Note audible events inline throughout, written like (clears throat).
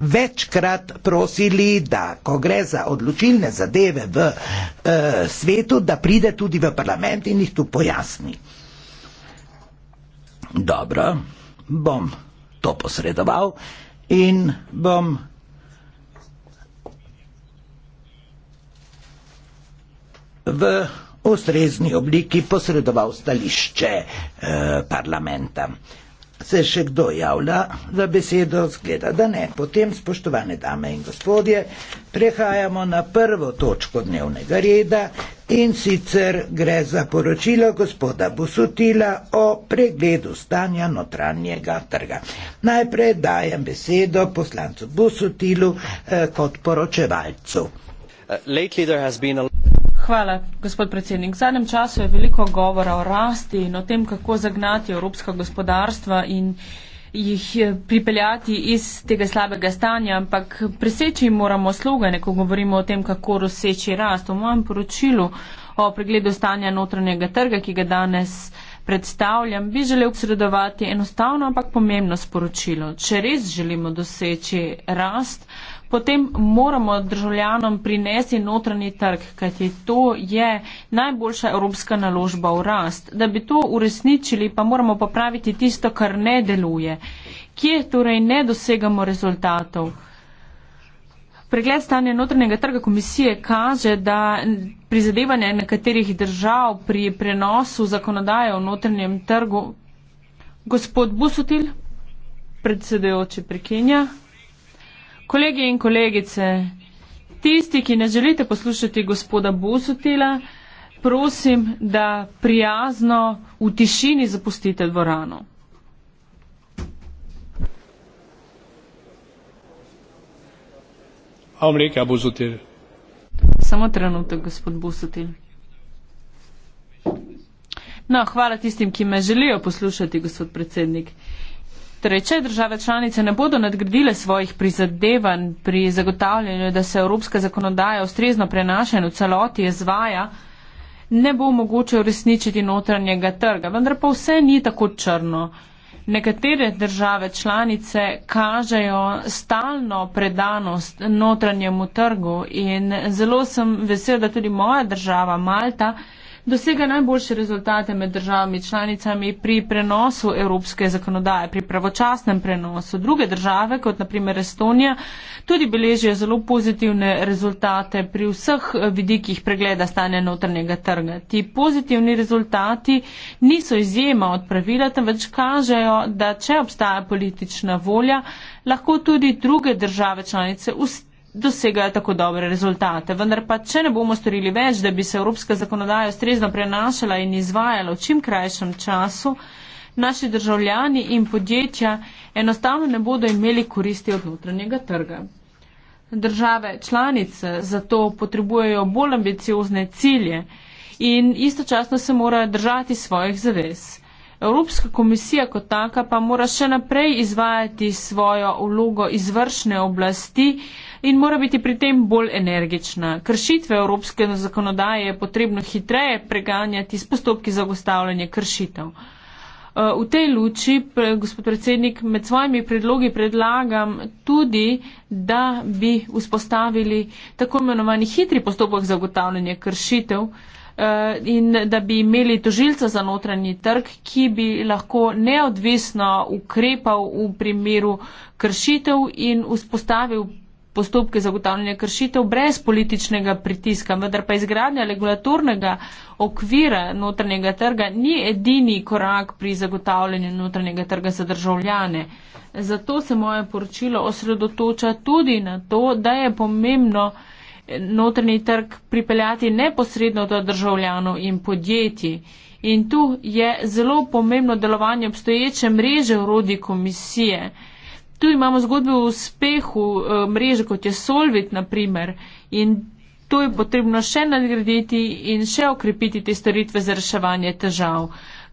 večkrat prosili, da ko gre za odločilne zadeve v e, svetu, da pride tudi v parlament in jih tu pojasni. Dobro, bom to posredoval in bom. V ustrezni obliki posredoval stališče eh, parlamenta. Eh, Se še kdo javlja za besedo, zgleda, da ne. Potem, spoštovane dame in gospodje, prehajamo na prvo točko dnevnega reda in sicer gre za poročilo gospoda Busutila o pregledu stanja notranjega trga. Najprej dajem besedo poslancu Busutilu eh, kot poročevalcu. Uh, hvala, gospod predsednik. V zadnjem času je veliko govora o rasti in o tem, kako zagnati evropska gospodarstva in jih eh, pripeljati iz tega slabega stanja, ampak preseči moramo slogane, ko govorimo o tem, kako doseči rast. V mojem poročilu o pregledu stanja notranjega trga, ki ga danes predstavljam, bi želel posredovati enostavno, ampak pomembno sporočilo. Če res želimo doseči rast, potem moramo državljanom prinesti notranji trg, kajti to je najboljša evropska naložba v rast. Da bi to uresničili, pa moramo popraviti tisto, kar ne deluje. Kje torej ne dosegamo rezultatov? Pregled stanja notranjega trga komisije kaže, da prizadevanja nekaterih držav pri prenosu zakonodaje o notranjem trgu. Gospod Busutil, predsedujoči prekinja. Kolegi in kolegice, tisti, ki ne želite poslušati gospoda Busutila, prosim, da prijazno v tišini zapustite dvorano. Amrika Busutil. Samo trenutek, gospod Busutil. No, hvala tistim, ki me želijo poslušati, gospod predsednik. Torej, če države članice ne bodo nadgradile svojih prizadevanj pri zagotavljanju, da se evropska zakonodaja ustrezno prenaša in v celoti izvaja, ne bo mogoče uresničiti notranjega trga. Vendar pa vse ni tako črno. Nekatere države članice kažejo stalno predanost notranjemu trgu in zelo sem vesel, da tudi moja država, Malta, dosega najboljše rezultate med državami članicami pri prenosu evropske zakonodaje, pri pravočasnem prenosu. Druge države, kot naprimer Estonija, tudi beležijo zelo pozitivne rezultate pri vseh vidikih pregleda stanja notranjega trga. Ti pozitivni rezultati niso izjema od pravila, temveč kažejo, da če obstaja politična volja, lahko tudi druge države članice ustavijo dosegajo tako dobre rezultate. Vendar pa, če ne bomo storili več, da bi se evropska zakonodaja ustrezno prenašala in izvajala v čim krajšem času, naši državljani in podjetja enostavno ne bodo imeli koristi od notranjega trga. Države članice zato potrebujejo bolj ambiciozne cilje in istočasno se morajo držati svojih zavez. Evropska komisija kot taka pa mora še naprej izvajati svojo vlogo izvršne oblasti, in mora biti pri tem bolj energična. Kršitve evropske zakonodaje je potrebno hitreje preganjati s postopki za ustavljanje kršitev. Eh, v tej luči, gospod predsednik, med svojimi predlogi predlagam tudi, da bi vzpostavili tako imenovani hitri postopek za ugotavljanje kršitev eh, in da bi imeli tožilca za notranji trg, ki bi lahko neodvisno ukrepal v primeru kršitev in vzpostavil postopke zagotavljanja kršitev brez političnega pritiska, vendar pa izgradnja regulatornega okvira notranjega trga ni edini korak pri zagotavljanju notranjega trga za državljane. Zato se moje poročilo osredotoča tudi na to, da je pomembno eh, notranji trg pripeljati neposredno do državljanov in podjetij. In tu je zelo pomembno delovanje obstoječe mreže urodi komisije. Tu imamo zgodbe o uspehu eh, mreže, kot je Solvit, naprimer, in to je potrebno še nadgraditi in še okrepiti te storitve za reševanje težav.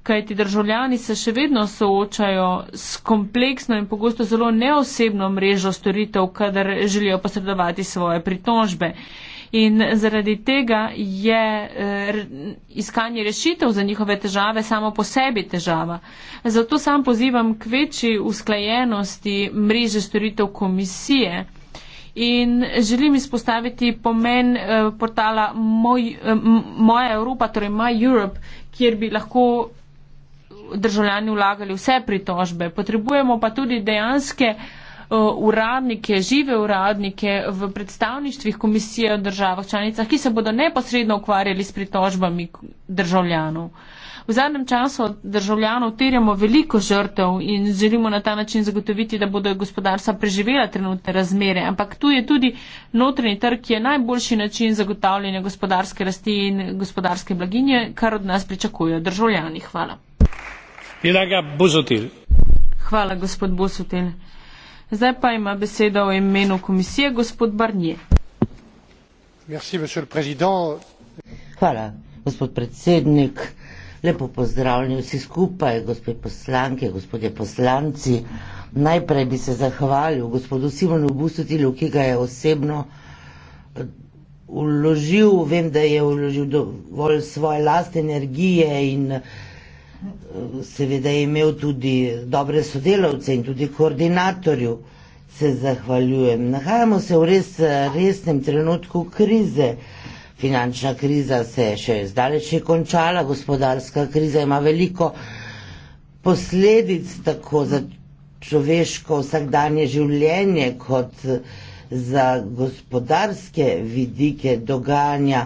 Kaj ti državljani se še vedno soočajo s kompleksno in pogosto zelo neosebno mrežo storitev, kadar želijo posredovati svoje pritožbe. In zaradi tega je eh, iskanje rešitev za njihove težave samo po sebi težava. Zato sam pozivam k večji usklajenosti mreže storitev komisije. In želim izpostaviti pomen eh, portala Moj, eh, Moja Evropa, torej My Europe, kjer bi lahko državljani vlagali vse pritožbe. Potrebujemo pa tudi dejanske. Eh, uradnike, žive uradnike v predstavništvih komisije v državah članicah, ki se bodo neposredno ukvarjali s pritožbami državljanov. V zadnjem času državljanov terjamo veliko žrtev in želimo na ta način zagotoviti, da bodo gospodarstva preživela trenutne razmere, ampak tu je tudi notranji trg, ki je najboljši način zagotavljanja gospodarske rasti in gospodarske blaginje, kar od nas pričakujejo državljani. Hvala. Hvala, gospod Bosutil. Zdaj pa ima besedo v imenu komisije gospod Barnier. Merci, Hvala, gospod predsednik. Lepo pozdravljeni vsi skupaj, gospod poslanke, gospodje poslanci. Najprej bi se zahvalil gospodu Simonu Busutilu, ki ga je osebno uložil, eh, vem, da je uložil dovolj svoje lastne energije in seveda je imel tudi dobre sodelavce in tudi koordinatorju se zahvaljujem. Nahajamo se v res resnem trenutku krize. Finančna kriza se je še zdaleč je končala, gospodarska kriza ima veliko posledic tako za človeško vsakdanje življenje kot uh, za gospodarske vidike dogajanja.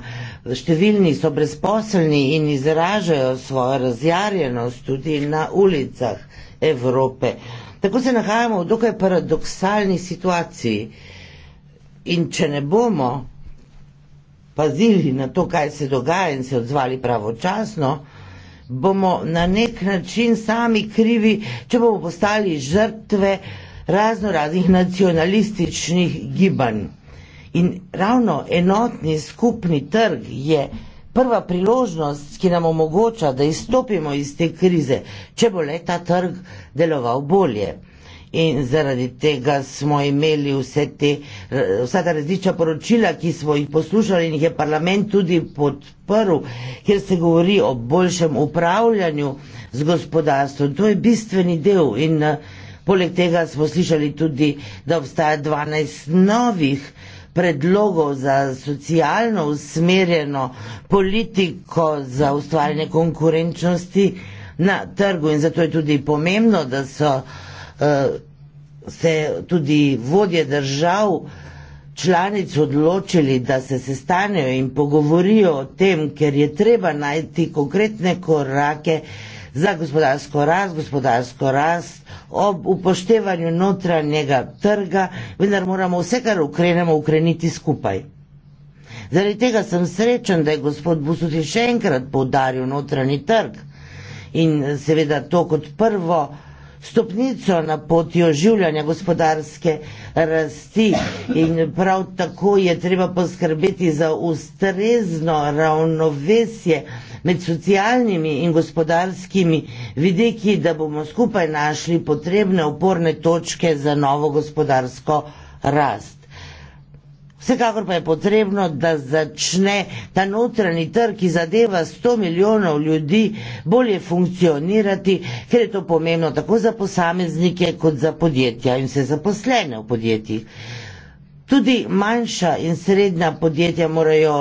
Številni so brezposelni in izražajo svojo razjarjenost tudi na ulicah Evrope. Tako se nahajamo v dokaj paradoksalni situaciji. In če ne bomo pazili na to, kaj se dogaja in se odzvali pravočasno, bomo na nek način sami krivi, če bomo postali žrtve razno raznih nacionalističnih gibanj. In ravno enotni skupni trg je prva priložnost, ki nam omogoča, da izstopimo iz te krize, če bo le ta trg deloval bolje. In zaradi tega smo imeli vse te, vsa ta različna poročila, ki smo jih poslušali in jih je parlament tudi podprl, kjer se govori o boljšem upravljanju z gospodarstvom. To je bistveni del in uh, Poleg tega smo slišali tudi, da obstaja 12 novih predlogov za socialno usmerjeno politiko za ustvarjanje konkurenčnosti na trgu in zato je tudi pomembno, da so uh, se tudi vodje držav članic odločili, da se sestanejo in pogovorijo o tem, ker je treba najti konkretne korake, uh, za gospodarsko rast, gospodarsko rast ob upoštevanju notranjega trga, vendar moramo vse, kar ukrenemo, ukreniti skupaj. Zaradi tega sem srečen, da je gospod Busuti še enkrat poudaril notranji trg in seveda to kot prvo stopnico na poti oživljanja gospodarske rasti in prav tako je treba poskrbeti za ustrezno ravnovesje med socialnimi in gospodarskimi vidiki, da bomo skupaj našli potrebne oporne točke za novo gospodarsko rast. Vsekakor pa je potrebno, da začne ta notranji trg, ki zadeva 100 milijonov ljudi, bolje funkcionirati, ker je to pomembno tako za posameznike kot za podjetja in vse zaposlene v podjetjih. Tudi manjša in srednja podjetja morajo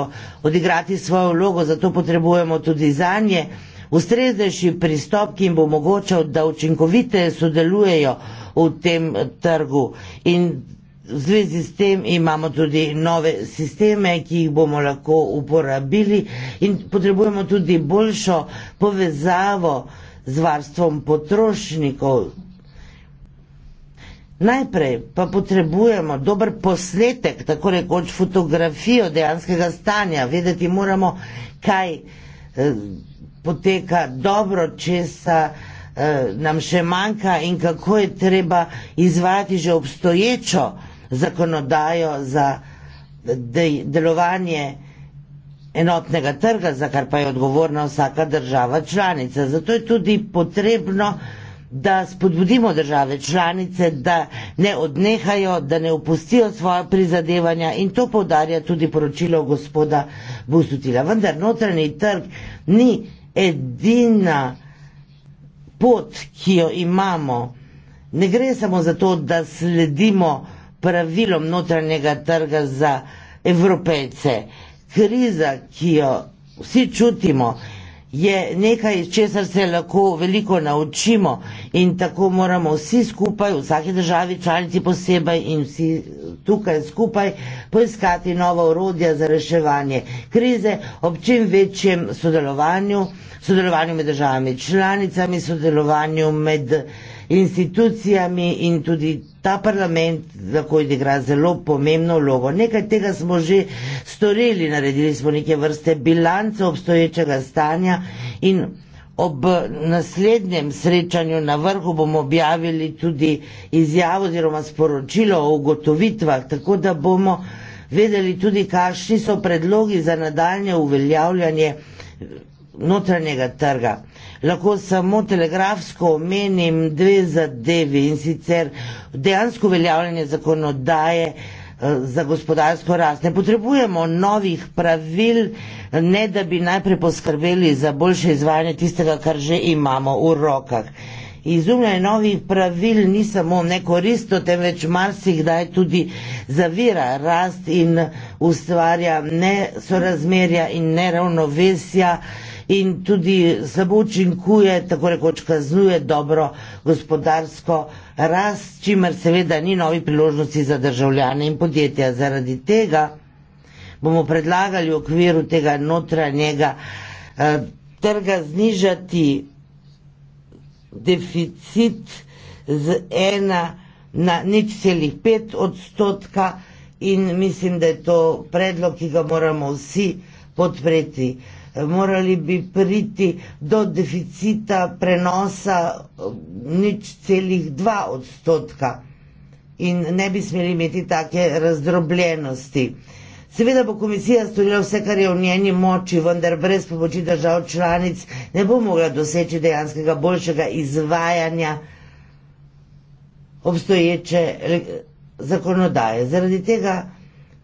odigrati svojo vlogo, zato potrebujemo tudi za nje ustreznejši pristop, ki jim bo omogočal, da učinkovite sodelujejo v tem trgu. In v zvezi s tem imamo tudi nove sisteme, ki jih bomo lahko uporabili in potrebujemo tudi boljšo povezavo z varstvom potrošnikov. Najprej pa potrebujemo dober posnetek, tako rekoč fotografijo dejanskega stanja, vedeti moramo, kaj eh, poteka dobro, česa eh, nam še manjka in kako je treba izvajati že obstoječo zakonodajo za eh, de delovanje enotnega trga, za kar pa je odgovorna vsaka država članica. Zato je tudi potrebno eh, da spodbudimo države članice, da ne odnehajo, da ne opustijo svoja prizadevanja in to povdarja tudi poročilo gospoda Busutila. Vendar notranji trg ni edina pot, ki jo imamo. Ne gre samo za to, da sledimo pravilom notranjega trga za evropejce. Kriza, ki jo vsi čutimo, je nekaj, česar se lahko veliko naučimo in tako moramo vsi skupaj, vsake državi članici posebej in vsi tukaj skupaj poiskati nova urodja za reševanje krize ob čim večjem sodelovanju, sodelovanju med državami članicami, sodelovanju med institucijami in tudi ta parlament lahko igra zelo pomembno vlogo. Nekaj tega smo že storili, naredili smo neke vrste bilance obstoječega stanja in ob naslednjem srečanju na vrhu bomo objavili tudi izjavo oziroma sporočilo o ugotovitvah, tako da bomo vedeli tudi, kakšni so predlogi za nadaljne uveljavljanje notranjega trga lahko samo telegrafsko omenim dve zadevi in sicer dejansko uveljavljanje zakonodaje eh, za gospodarsko rast. Ne potrebujemo novih pravil, ne da bi najprej poskrbeli za boljše izvajanje tistega, kar že imamo v rokah. Izumljanje novih pravil ni samo nekoristno, temveč marsikdaj tudi zavira rast in ustvarja nesorazmerja in neravnovesja in tudi samo učinkuje, tako rekoč kaznuje dobro gospodarsko rast, čimer seveda ni novi priložnosti za državljane in podjetja. Zaradi tega bomo predlagali v okviru tega notranjega eh, trga znižati deficit z ena na nič celih pet odstotka in mislim, da je to predlog, ki ga moramo vsi podpreti morali bi priti do deficita prenosa eh, nič celih dva odstotka in ne bi smeli imeti take razdrobljenosti. Seveda bo komisija storila vse, kar je v njeni moči, vendar brez pomoči držav članic ne bo mogla doseči dejanskega boljšega izvajanja obstoječe eh, zakonodaje. Zaradi tega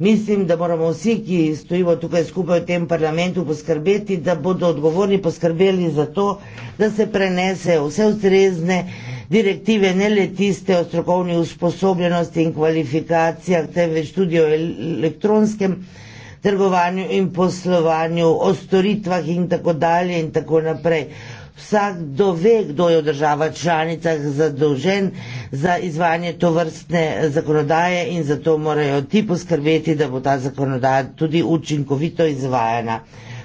Mislim, da moramo vsi, ki stojimo tukaj skupaj v tem parlamentu, poskrbeti, da bodo odgovorni poskrbeli za to, da se prenese vse ustrezne direktive, ne le tiste o strokovni usposobljenosti in kvalifikacijah, temveč tudi o elektronskem trgovanju in poslovanju, o storitvah in tako dalje in tako naprej. Vsak dove, kdo je v državah članicah zadolžen za izvajanje to vrstne zakonodaje in zato morajo ti poskrbeti, da bo ta zakonodaja tudi učinkovito izvajana.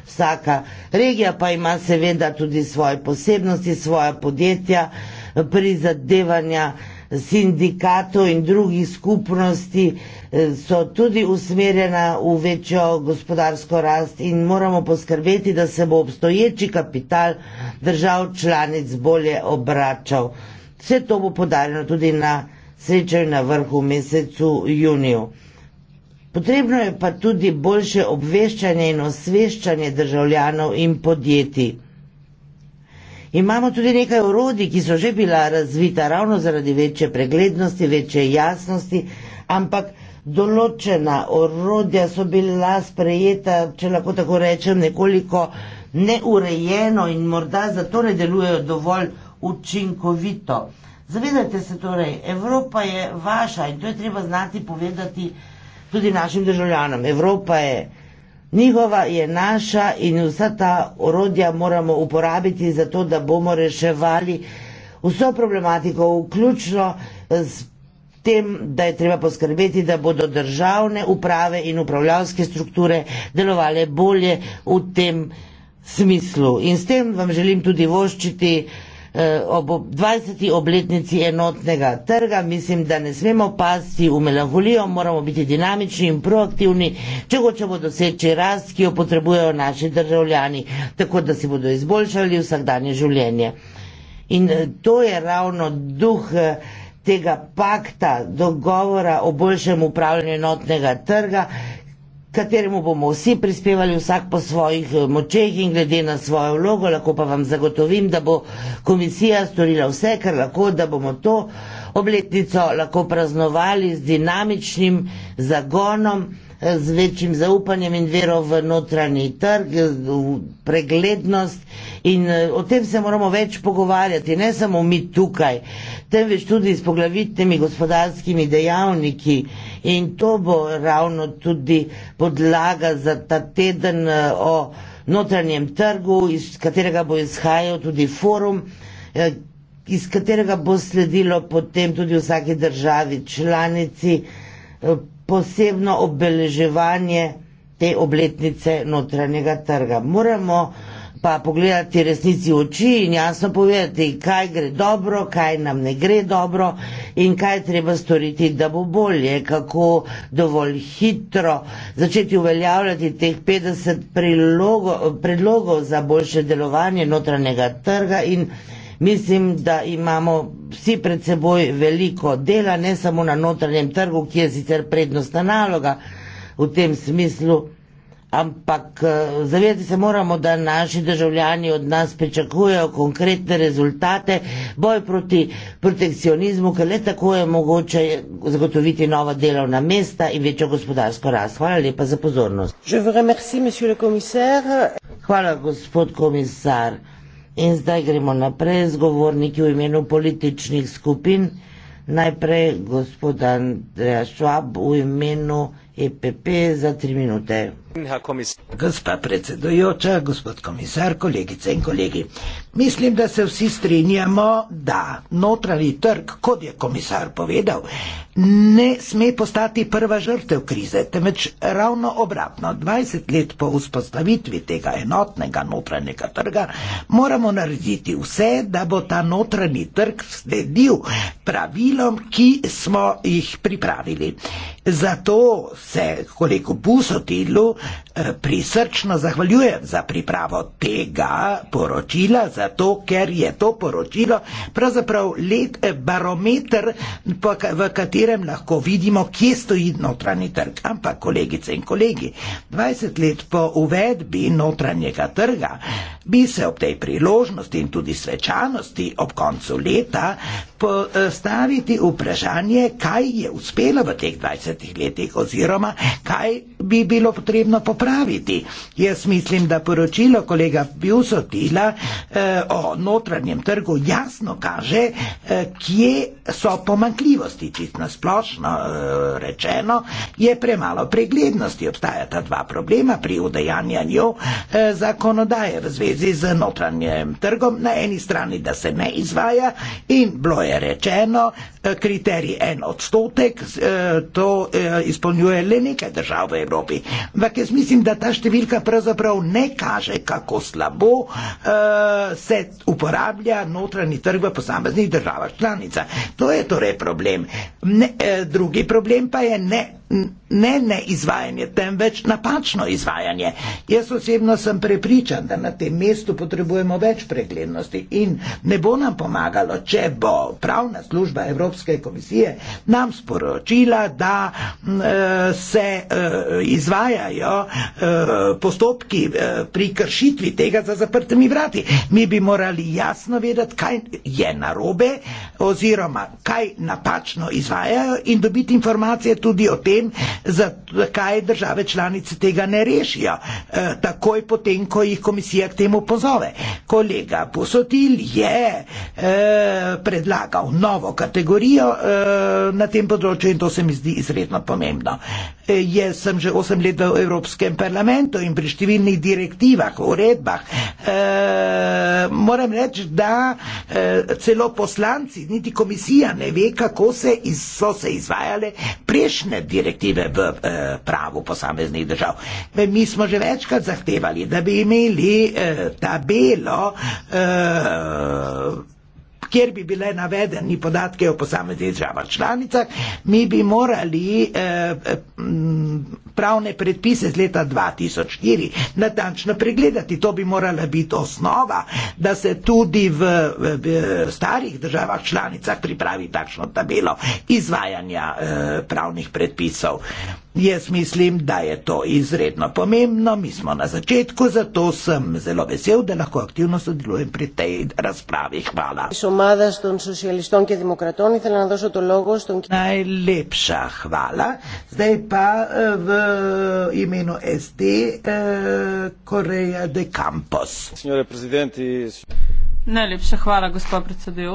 Vsaka regija pa ima seveda tudi svoje posebnosti, svoje podjetja, prizadevanja, sindikatov in drugih skupnosti eh, so tudi usmerjena v večjo gospodarsko rast in moramo poskrbeti, da se bo obstoječi kapital držav članic bolje obračal. Vse to bo podarjeno tudi na srečanju na vrhu v mesecu juniju. Potrebno je pa tudi boljše obveščanje in osveščanje državljanov in podjetij. Imamo tudi nekaj orodij, ki so že bila razvita ravno zaradi večje preglednosti, večje jasnosti, ampak določena orodja so bila sprejeta, če lahko tako rečem, nekoliko neurejeno in morda zato ne delujejo dovolj učinkovito. Zavedajte se torej, Evropa je vaša in to je treba znati povedati tudi našim državljanom. Evropa je njihova je naša in vsa ta orodja moramo uporabiti za to, da bomo reševali vso problematiko, vključno s tem, da je treba poskrbeti, da bodo državne uprave in upravljavske strukture delovale bolje v tem smislu. In s tem vam želim tudi voščiti Eh, ob 20. obletnici enotnega trga, mislim, da ne smemo pasti v melanholijo, moramo biti dinamični in proaktivni, če hočemo doseči rast, ki jo potrebujejo naši državljani, tako da si bodo izboljšali vsakdanje življenje. In eh, to je ravno duh eh, tega pakta, dogovora o boljšem upravljanju enotnega trga, kateremu bomo vsi prispevali vsak po svojih eh, močeh in glede na svojo vlogo, lahko pa vam zagotovim, da bo komisija storila vse, kar lahko, da bomo to obletnico lahko praznovali z dinamičnim zagonom, eh, z večjim zaupanjem in vero v notranji trg, v preglednost in eh, o tem se moramo več pogovarjati, ne samo mi tukaj, temveč tudi s poglavitnimi gospodarskimi dejavniki in to bo ravno tudi podlaga za ta teden eh, o notranjem trgu, iz katerega bo izhajal tudi forum, eh, iz katerega bo sledilo potem tudi vsaki državi članici eh, posebno obeleževanje te obletnice notranjega trga. Moramo pa pogledati resnici v oči in jasno povedati, kaj gre dobro, kaj nam ne gre dobro in kaj treba storiti, da bo bolje, kako dovolj hitro začeti uveljavljati teh 50 prilogo, predlogov za boljše delovanje notranjega trga in mislim, da imamo vsi pred seboj veliko dela, ne samo na notranjem trgu, ki je sicer prednostna naloga v tem smislu ampak eh, zavedati se moramo, da naši državljani od nas pričakujejo konkretne rezultate, boj proti protekcionizmu, ker le tako je mogoče zagotoviti nova delovna mesta in večjo gospodarsko rast. Hvala lepa za pozornost. Hvala, gospod komisar. In zdaj gremo naprej z govorniki v imenu političnih skupin. Najprej gospod Andreja Švab v imenu EPP za tri minute. Gospa predsedujoča, gospod komisar, kolegice in kolegi. Mislim, da se vsi strinjamo, da notranji trg, kot je komisar povedal, ne sme postati prva žrtev krize, temveč ravno obratno. 20 let po vzpostavitvi tega enotnega notranjega trga moramo narediti vse, da bo ta notranji trg sledil pravilom, ki smo jih pripravili. Zato se kolegu Busotilu, Eh, prisrčno zahvaljujem za pripravo tega poročila, zato ker je to poročilo pravzaprav let eh, barometer, v katerem lahko vidimo, kje stoji notranji trg. Ampak, kolegice in kolegi, 20 let po uvedbi notranjega trga bi se ob tej priložnosti in tudi svečanosti ob koncu leta postaviti vprašanje, kaj je uspelo v teh 20 letih oziroma kaj bi bilo potrebno potrebno popraviti. Jaz mislim, da poročilo kolega Bjusotila eh, o notranjem trgu jasno kaže, eh, kje so pomankljivosti. Čisto splošno eh, rečeno je premalo preglednosti. Obstajata dva problema pri udejanjanju eh, zakonodaje v zvezi z notranjem trgom. Na eni strani, da se ne izvaja in bilo je rečeno, eh, kriterij en odstotek, eh, to eh, izpolnjuje le nekaj držav v Evropi. Vak jaz mislim, da ta številka pravzaprav ne kaže, kako slabo uh, se uporablja notranji trg v posameznih državah članica. To je torej problem. Ne, uh, drugi problem pa je ne ne ne izvajanje, temveč napačno izvajanje. Jaz osebno sem prepričan, da na tem mestu potrebujemo več preglednosti in ne bo nam pomagalo, če bo pravna služba Evropske komisije nam sporočila, da e, se e, izvajajo e, postopki e, pri kršitvi tega za zaprtimi vrati. Mi bi morali jasno vedeti, kaj je narobe oziroma kaj napačno izvajajo in dobiti informacije tudi o tem, potem, zakaj države članice tega ne rešijo, eh, takoj potem, ko jih komisija k temu pozove. Kolega Posotil je eh, predlagal novo kategorijo eh, na tem področju in to se mi zdi izredno pomembno. Jaz sem že 8 let v Evropskem parlamentu in pri številnih direktivah, uredbah. E, moram reči, da e, celo poslanci, niti komisija ne ve, kako se iz, so se izvajale prejšnje direktive perspektive v eh, pravu posameznih držav. Mi smo že večkrat zahtevali, da bi imeli eh, tabelo eh, kjer bi bile navedeni podatke o posameznih državah članicah, mi bi morali eh, eh pravne predpise z leta 2004 natančno pregledati. To bi morala biti osnova, da se tudi v, v, v starih državah članicah pripravi takšno tabelo izvajanja eh, pravnih predpisov. Jaz mislim, da je to izredno pomembno, mi smo na začetku, zato sem zelo vesel, da lahko aktivno sodelujem pri tej razpravi. Hvala ομάδα των Σοσιαλιστών και Δημοκρατών. Ήθελα να δώσω το λόγο στον κύριο. Ναι, λείψα, χβάλα. Δεν είπα, ημίνω εστί, Κορέα de Campos. Σινιόρε Πρεσιδέντη. Ναι, λείψα, χβάλα, γκοσπά Πρεσιδέντη,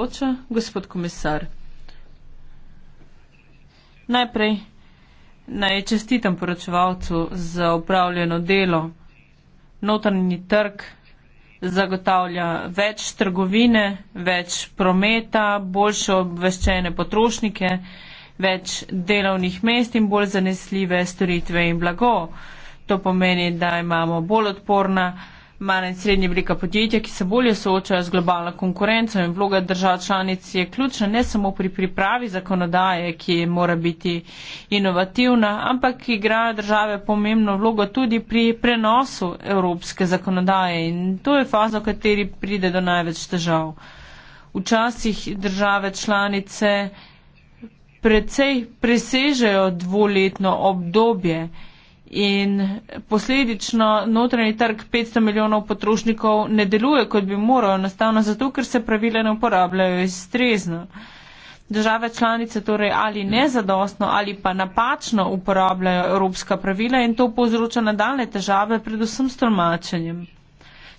γκοσπότ Κομισάρ. Ναι, πρέι. Naj čestitam poročevalcu za upravljeno delo. Notranji trg zagotavlja več trgovine, več prometa, boljše obveščene potrošnike, več delovnih mest in bolj zanesljive storitve in blago. To pomeni, da imamo bolj odporna Mala in srednje velika podjetja, ki se bolje soočajo z globalno konkurenco in vloga držav članic je ključna ne samo pri pripravi zakonodaje, ki mora biti inovativna, ampak igrajo države pomembno vlogo tudi pri prenosu evropske zakonodaje in to je faza, v kateri pride do največ težav. Včasih države članice precej presežejo dvoletno obdobje in posledično notranji trg 500 milijonov potrošnikov ne deluje, kot bi moral, enostavno zato, ker se pravile ne uporabljajo iztrezno. Države članice torej ali nezadostno ali pa napačno uporabljajo evropska pravila in to povzroča nadaljne težave, predvsem s tolmačenjem.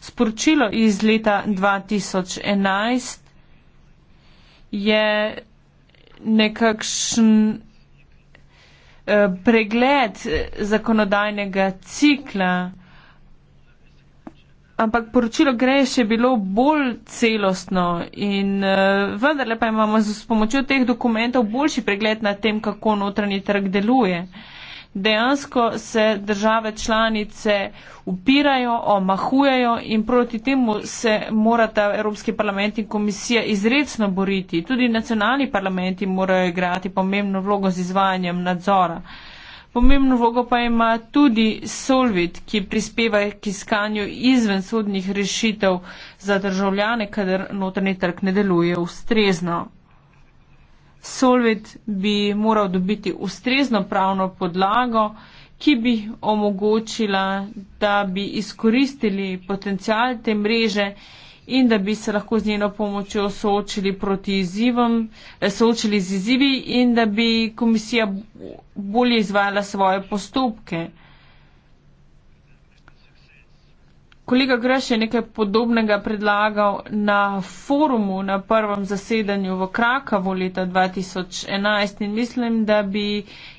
Sporočilo iz leta 2011 je nekakšen Eh, pregled zakonodajnega cikla. Ampak poročilo greje še bilo bolj celostno in uh, vendarle pa imamo s pomočjo teh dokumentov boljši pregled na tem, kako notranji trg deluje. Uh, dejansko se države članice upirajo, omahujejo in proti temu se morata Evropski parlament in komisija izredno boriti. Tudi nacionalni parlamenti morajo igrati pomembno vlogo z izvajanjem nadzora. Pomembno vlogo pa ima tudi Solvit, ki prispeva k iskanju izven sodnih rešitev za državljane, kadar notrni trg ne deluje ustrezno. Solvit bi moral dobiti ustrezno pravno podlago, ki bi omogočila, da bi izkoristili potencial te mreže in da bi se lahko z njeno pomočjo soočili, proti izzivom, eh, soočili z izzivi in da bi komisija bolje izvajala svoje postopke. Kolega Greš je nekaj podobnega predlagal na forumu na prvem zasedanju v Krakavu leta 2011 in mislim, da bi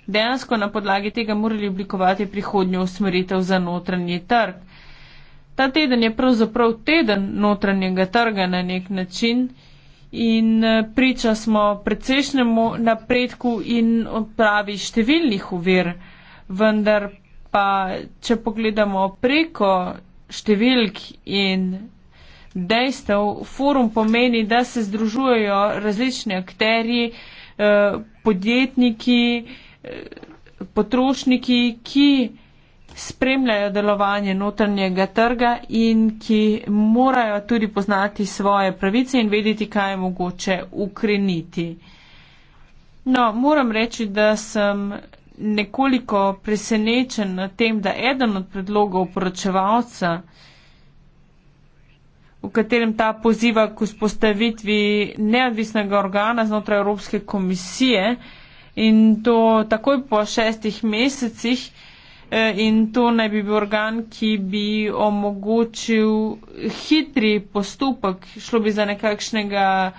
dejansko na podlagi tega morali oblikovati prihodnjo usmeritev za notranji trg. Ta teden je pravzaprav teden notranjega trga na nek način in eh, priča smo precejšnjemu napredku in odpravi številnih uvir, vendar pa, če pogledamo preko številk in dejstev, forum pomeni, da se združujejo različni akteri, eh, podjetniki, eh, potrošniki, ki spremljajo delovanje notranjega trga in ki morajo tudi poznati svoje pravice in vedeti, kaj je mogoče ukreniti. No, moram reči, da sem nekoliko presenečen nad tem, da eden od predlogov poročevalca, v katerem ta poziva k vzpostavitvi neodvisnega organa znotraj Evropske komisije in to takoj po šestih mesecih, eh, In to naj bi bil organ, ki bi omogočil hitri postopek, šlo bi za nekakšnega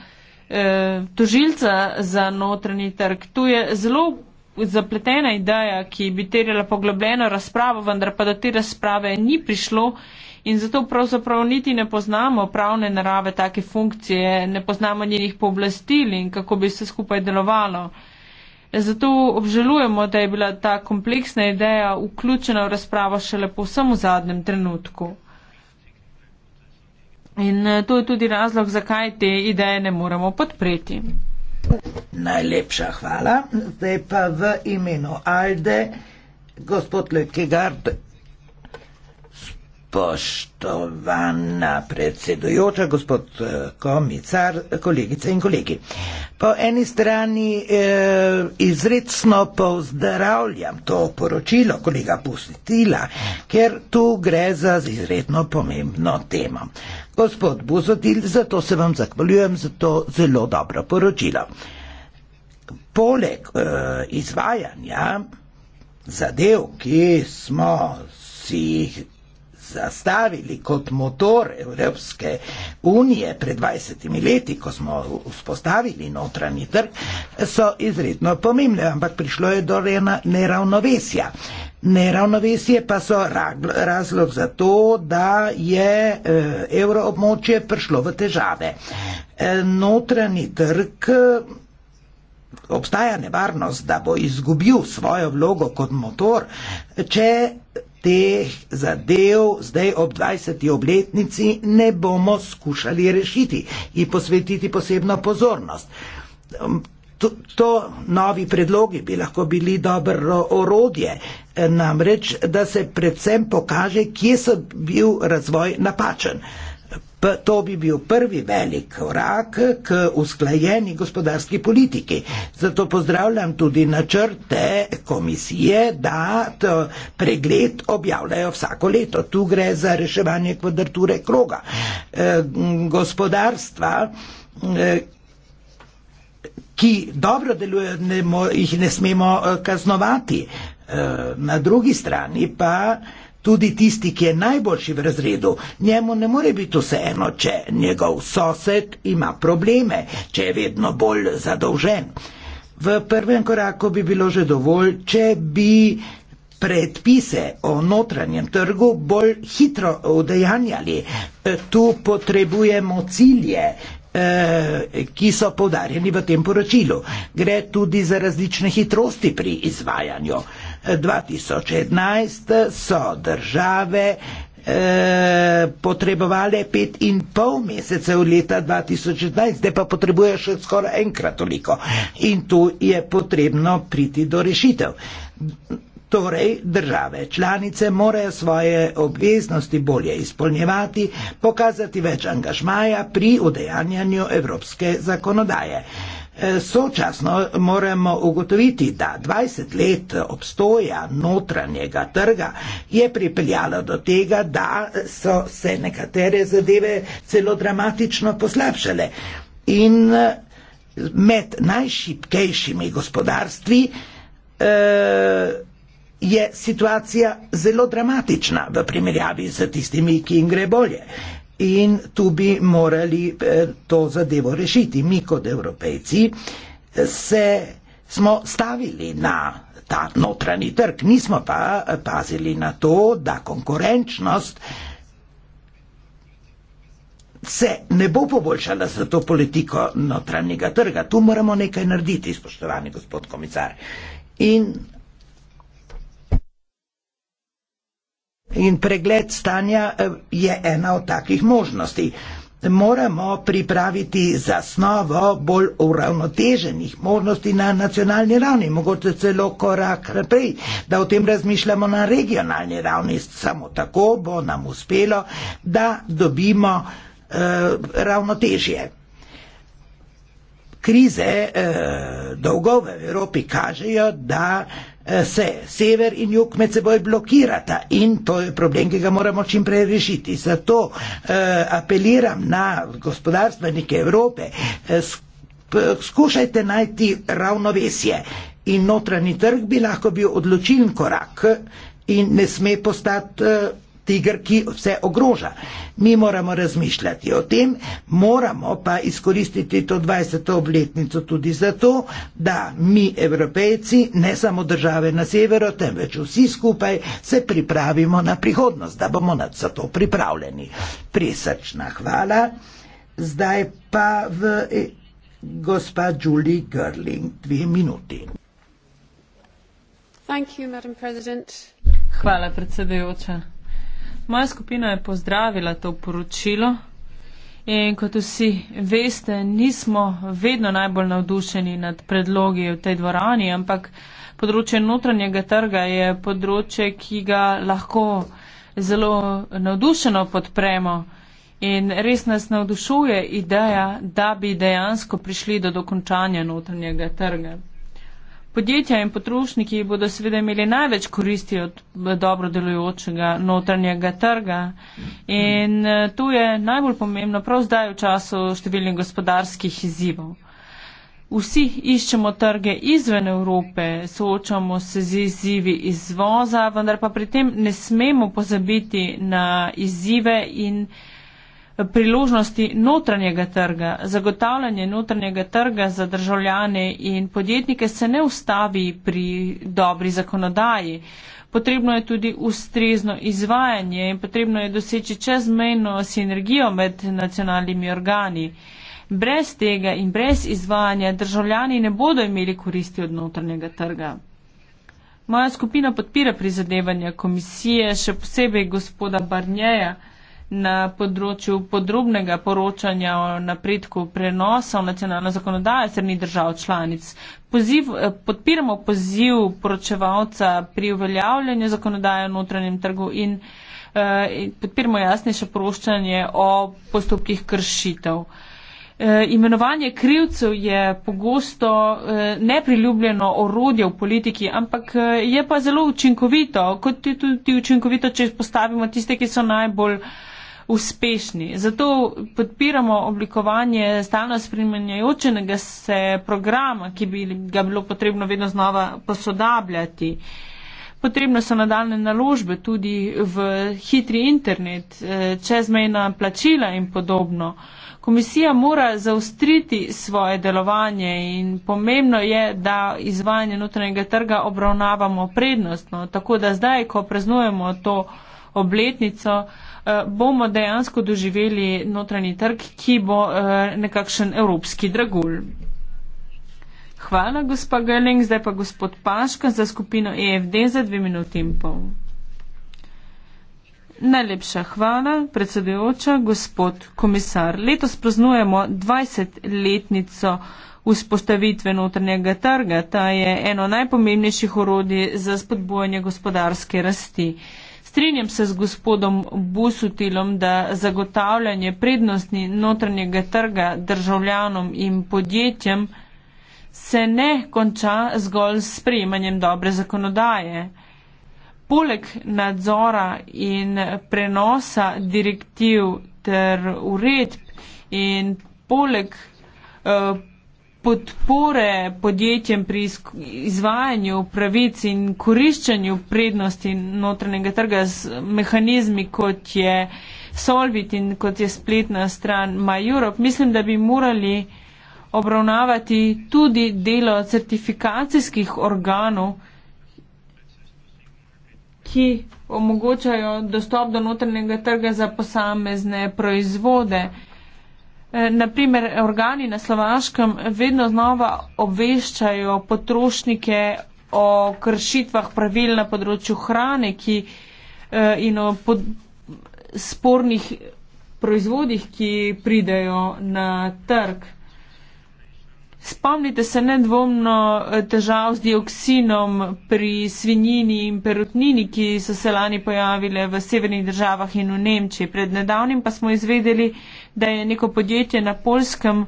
eh, tožilca za notranji trg. To je zelo zapletena ideja, ki bi terjala poglobljeno razpravo, vendar pa do te razprave ni prišlo in zato pravzaprav niti ne poznamo pravne narave take funkcije, ne poznamo njenih pooblastil in kako bi se skupaj delovalo. Zato obžalujemo, da je bila ta kompleksna ideja vključena v razpravo šele po vsem v zadnjem trenutku. In eh, to je tudi razlog, zakaj te ideje ne moremo podpreti. Najlepša hvala. Zdaj pa v imenu Alde, gospod Lekigard, Spoštovana predsedujoča, gospod eh, komisar, kolegice in kolegi. Po eni strani eh, izredno pozdravljam to poročilo kolega Pustila, ker tu gre za izredno pomembno temo. Gospod Buzotil, zato se vam zahvaljujem za to zelo dobro poročilo. Poleg eh, izvajanja zadev, ki smo si jih zastavili kot motor Evropske unije pred 20 leti, ko smo vzpostavili notranji trg, so izredno pomembne, ampak prišlo je do neravnovesja. Neravnovesje pa so razlog za to, da je eh, evroobmočje prišlo v težave. Eh, notranji trg obstaja nevarnost, da bo izgubil svojo vlogo kot motor, če teh zadev zdaj ob 20. obletnici ne bomo skušali rešiti in posvetiti posebno pozornost. To, to novi predlogi bi lahko bili dobro orodje, eh, namreč da se predvsem pokaže, kje so bil razvoj napačen. Pa to bi bil prvi velik korak k usklajeni gospodarski politiki. Zato pozdravljam tudi načrte komisije, da pregled objavljajo vsako leto. Tu gre za reševanje kvadrature kroga. E, gospodarstva, e, ki dobro delujejo, jih ne smemo e, kaznovati. E, na drugi strani pa. E, Tudi tisti, ki je najboljši v razredu, njemu ne more biti vseeno, če njegov sosed ima probleme, če je vedno bolj zadolžen. V prvem koraku bi bilo že dovolj, če bi predpise o notranjem trgu bolj hitro udejanjali. E, tu potrebujemo cilje, e, ki so povdarjeni v tem poročilu. Gre tudi za različne hitrosti pri izvajanju. 2011 so države e, potrebovale pet in pol mesecev leta 2011, zdaj pa potrebuje še skoraj enkrat toliko. In tu je potrebno priti do rešitev. Torej, države članice morajo svoje obveznosti bolje izpolnjevati, pokazati več angažmaja pri udejanjanju evropske zakonodaje. E, sočasno moramo ugotoviti, da 20 let obstoja notranjega trga je pripeljalo do tega, da so se nekatere zadeve celo dramatično poslabšale. In e, med najšipkejšimi gospodarstvi e, je situacija zelo dramatična v primerjavi z tistimi, ki jim gre bolje in tu bi morali eh, to zadevo rešiti. Mi kot evropejci eh, se smo stavili na ta notranji trg, nismo pa eh, pazili na to, da konkurenčnost se ne bo poboljšala za to politiko notranjega trga. Tu moramo nekaj narediti, spoštovani gospod komisar. In In pregled stanja eh, je ena od takih možnosti. Moramo pripraviti zasnovo bolj uravnoteženih možnosti na nacionalni ravni, mogoče celo korak naprej, da o tem razmišljamo na regionalni ravni. Samo tako bo nam uspelo, da dobimo eh, ravnotežje. Krize eh, dolgov v Evropi kažejo, da Eh, se sever in jug med seboj blokirata in to je problem, ki ga moramo čim prej rešiti. Zato eh, apeliram na gospodarstvenike Evrope, eh, sp, skušajte najti ravnovesje in notranji trg bi lahko bil odločilen korak in ne sme postati. Eh, tiger, ki vse ogroža. Mi moramo razmišljati o tem, moramo pa izkoristiti to 20. obletnico tudi zato, da mi, evropejci, ne samo države na severu, temveč vsi skupaj se pripravimo na prihodnost, da bomo nad to pripravljeni. Prisrčna hvala. Zdaj pa v eh, gospa Julie Gerling dve minuti. Thank you, Hvala predsedujoča. Moja skupina je pozdravila to poročilo in kot vsi veste, nismo vedno najbolj navdušeni nad predlogi v tej dvorani, ampak področje notranjega trga je področje, ki ga lahko zelo navdušeno podpremo. In res nas navdušuje ideja, da bi dejansko prišli do dokončanja notranjega trga. Podjetja in potrošniki bodo seveda imeli največ koristi od eh, dobro delujočega notranjega trga in eh, to je najbolj pomembno prav zdaj v času številnih gospodarskih izzivov. Vsi iščemo trge izven Evrope, soočamo se z izzivi izvoza, vendar pa pri tem ne smemo pozabiti na izzive in izzive priložnosti notranjega trga, zagotavljanje notranjega trga za državljane in podjetnike se ne ustavi pri dobri zakonodaji. Potrebno je tudi ustrezno izvajanje in potrebno je doseči čezmejno sinergijo med nacionalnimi organi. Brez tega in brez izvajanja državljani ne bodo imeli koristi od notranjega trga. Moja skupina podpira prizadevanja komisije, še posebej gospoda Barnjeja na področju podrobnega poročanja o napredku prenosa v nacionalno zakonodajo strani držav članic. Poziv, eh, podpiramo poziv poročevalca pri uveljavljanju zakonodaje v notranjem trgu in, eh, in podpiramo jasnejše poroščanje o postopkih kršitev. Eh, imenovanje krivcev je pogosto nepriljubljeno orodje v politiki, ampak je pa zelo učinkovito, kot je tudi učinkovito, če izpostavimo tiste, ki so najbolj uh, uspešni. Zato podpiramo oblikovanje stalno spremenjajočenega se programa, ki bi ga bilo potrebno vedno znova posodabljati. Potrebne so nadaljne naložbe tudi v hitri internet, eh, čezmejna plačila in podobno. Komisija mora zaustriti svoje delovanje in pomembno je, da izvajanje notranjega trga obravnavamo prednostno. Tako da zdaj, ko preznujemo to obletnico, Eh, bomo dejansko doživeli notranji trg, ki bo eh, nekakšen evropski dragulj. Hvala, gospa Gelling. Zdaj pa gospod Paška za skupino EFD za dve minuti in pol. Najlepša hvala, predsedujoča, gospod komisar. Letos praznujemo 20-letnico vzpostavitve notranjega trga. Ta je eno najpomembnejših orodij za spodbojanje gospodarske rasti. Strinjam se z gospodom Busutilom, da zagotavljanje prednosti notranjega trga državljanom in podjetjem se ne konča zgolj s sprejemanjem dobre zakonodaje. Poleg nadzora in prenosa direktiv ter uredb in poleg eh, podpore podjetjem pri izvajanju pravic in koriščanju prednosti notranjega trga z mehanizmi, kot je Solvit in kot je spletna stran MyEurope, mislim, da bi morali obravnavati tudi delo certifikacijskih organov, ki omogočajo dostop do notranjega trga za posamezne proizvode. Eh, Naprimer, organi na slovaškem vedno znova obveščajo potrošnike o kršitvah pravil na področju hrane ki, eh, in o pod, spornih proizvodih, ki pridejo na trg. Spomnite se nedvomno eh, težav z dioksinom pri svinjini in perutnini, ki so se lani pojavile v severnih državah in v Nemčiji. Pred nedavnim pa smo izvedeli, da je neko podjetje na Polskem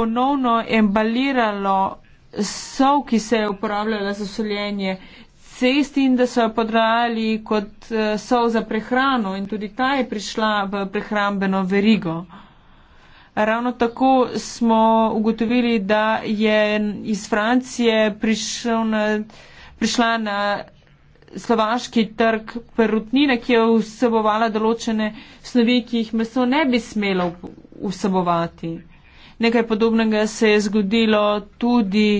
ponovno embaliralo sol, ki se je uporabljala za soljenje cesti in da so jo podrajali kot eh, sol za prehrano in tudi ta je prišla v prehrambeno verigo. Ravno tako smo ugotovili, da je iz Francije na, prišla na slovaški trg perutnina, ki je vsebovala določene snovi, ki jih meso ne bi smelo vsebovati. Nekaj podobnega se je zgodilo tudi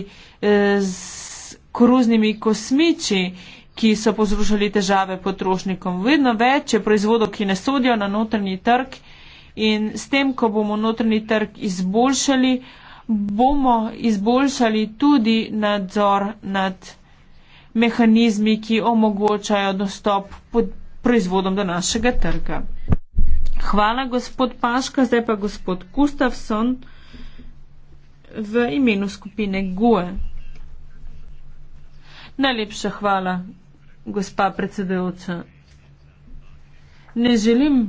eh, z koruznimi kosmiči, ki so povzročali težave potrošnikom. Vedno več je proizvodov, ki ne sodijo na notrni trg. In s tem, ko bomo notrni trg izboljšali, bomo izboljšali tudi nadzor nad mehanizmi, ki omogočajo dostop pod proizvodom do našega trga. Hvala, gospod Paška, zdaj pa gospod Kustavson v imenu skupine GUE. Najlepša hvala, gospa predsedujoča. Ne želim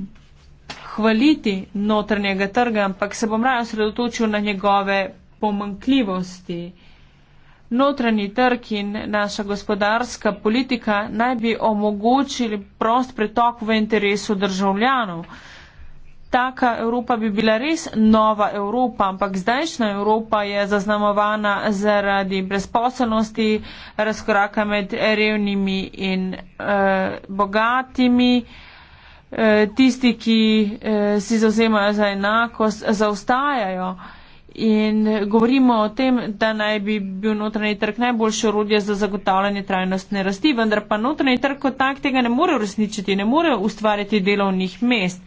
hvaliti notranjega trga, ampak se bom raje osredotočil na njegove pomankljivosti. Notranji trg in naša gospodarska politika naj bi omogočili prost pretok v interesu državljanov. Taka Evropa bi bila res nova Evropa, ampak zdajšnja Evropa je zaznamovana zaradi brezposelnosti, razkoraka med revnimi in eh, bogatimi. Eh, Eh, tisti, ki eh, si zauzemajo za enakost, zaostajajo. In govorimo o tem, da naj bi bil notranji trg najboljše orodje za zagotavljanje trajnostne rasti, vendar pa notranji trg kot tak tega ne more uresničiti, ne more ustvariti delovnih mest.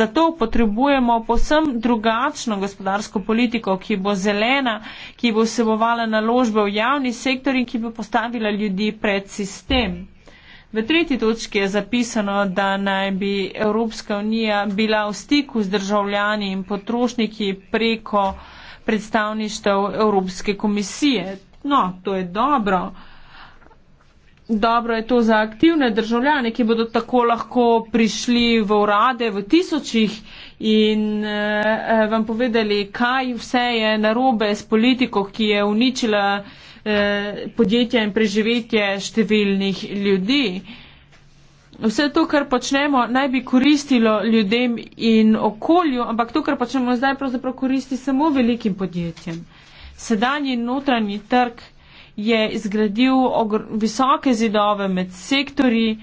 Zato potrebujemo posem drugačno gospodarsko politiko, ki bo zelena, ki bo vsebovala naložbe v javni sektor in ki bo postavila ljudi pred sistem. V tretji točki je zapisano, da naj bi Evropska unija bila v stiku z državljani in potrošniki preko predstavništev Evropske komisije. No, to je dobro. Dobro je to za aktivne državljane, ki bodo tako lahko prišli v urade v tisočih in eh, eh vam povedali, kaj vse je narobe s politiko, ki je uničila eh, Eh, podjetja in preživetje številnih ljudi. Vse to, kar počnemo, naj bi koristilo ljudem in okolju, ampak to, kar počnemo zdaj, pravzaprav koristi samo velikim podjetjem. Sedanji notranji trg je zgradil visoke zidove med sektori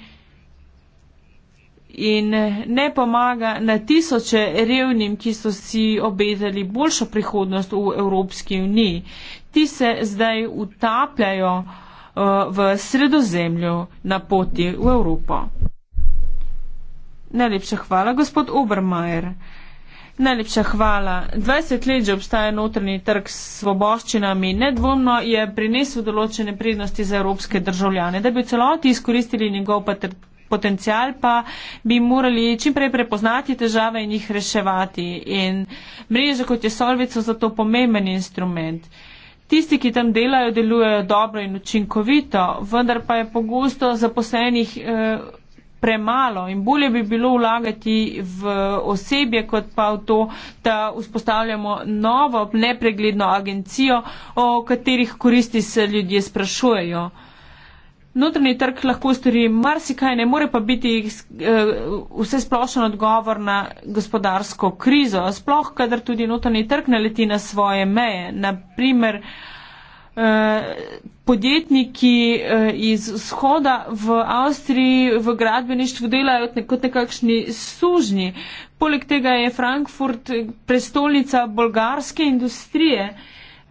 in ne pomaga na tisoče revnim, ki so si obetali boljšo prihodnost v Evropski uniji ti se zdaj utapljajo uh, v sredozemlju na poti v Evropo. Najlepša hvala, gospod Obermajer. Najlepša hvala. 20 let že obstaja notrni trg s svoboščinami. Nedvomno je prinesel določene prednosti za evropske državljane. Da bi v celoti izkoristili njegov potencial, pa bi morali čimprej prepoznati težave in jih reševati. In mreže kot je solvico za to pomemben instrument. Uh, Tisti, ki tam delajo, delujejo dobro in učinkovito, vendar pa je pogosto zaposlenih eh, premalo in bolje bi bilo vlagati v osebje, kot pa v to, da vzpostavljamo novo, nepregledno agencijo, o katerih koristi se ljudje sprašujejo. Notrni trg lahko stori marsikaj, ne more pa biti eh, vse splošen odgovor na gospodarsko krizo, sploh kadar tudi notrni trg naleti na svoje meje. Naprimer, eh, podjetniki eh, iz vzhoda v Avstriji v gradbeništvu delajo kot nekakšni sužnji. Poleg tega je Frankfurt prestolnica bolgarske industrije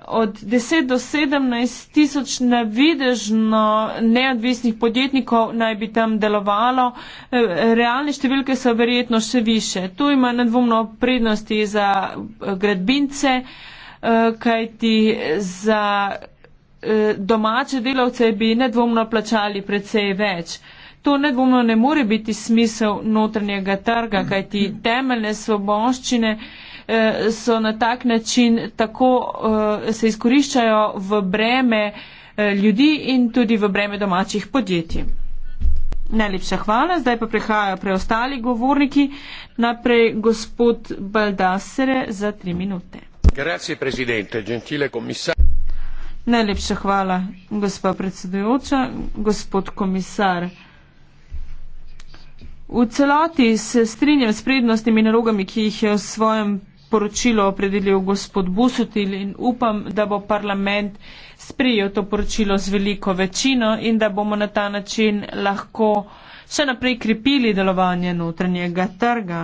od 10 do 17 tisoč navidežno neodvisnih podjetnikov naj bi tam delovalo. E, realne številke so verjetno še više. Tu ima nedvomno prednosti za e, gradbince, e, kajti za domače delavce bi nedvomno plačali precej več. To nedvomno ne more biti smisel notranjega trga, kajti temeljne svoboščine. Eh, so na tak način tako eh, se izkoriščajo v breme eh, ljudi in tudi v breme domačih podjetij. Najlepša hvala. Zdaj pa prehajajo preostali govorniki. Naprej gospod Baldasere za tri minute. Najlepša hvala, gospa predsedujoča, gospod komisar. V celoti se strinjam s prednostimi nalogami, ki jih je v svojem poročilo opredelil gospod Busutil in upam, da bo parlament sprijel to poročilo z veliko večino in da bomo na ta način lahko še naprej krepili delovanje notranjega trga.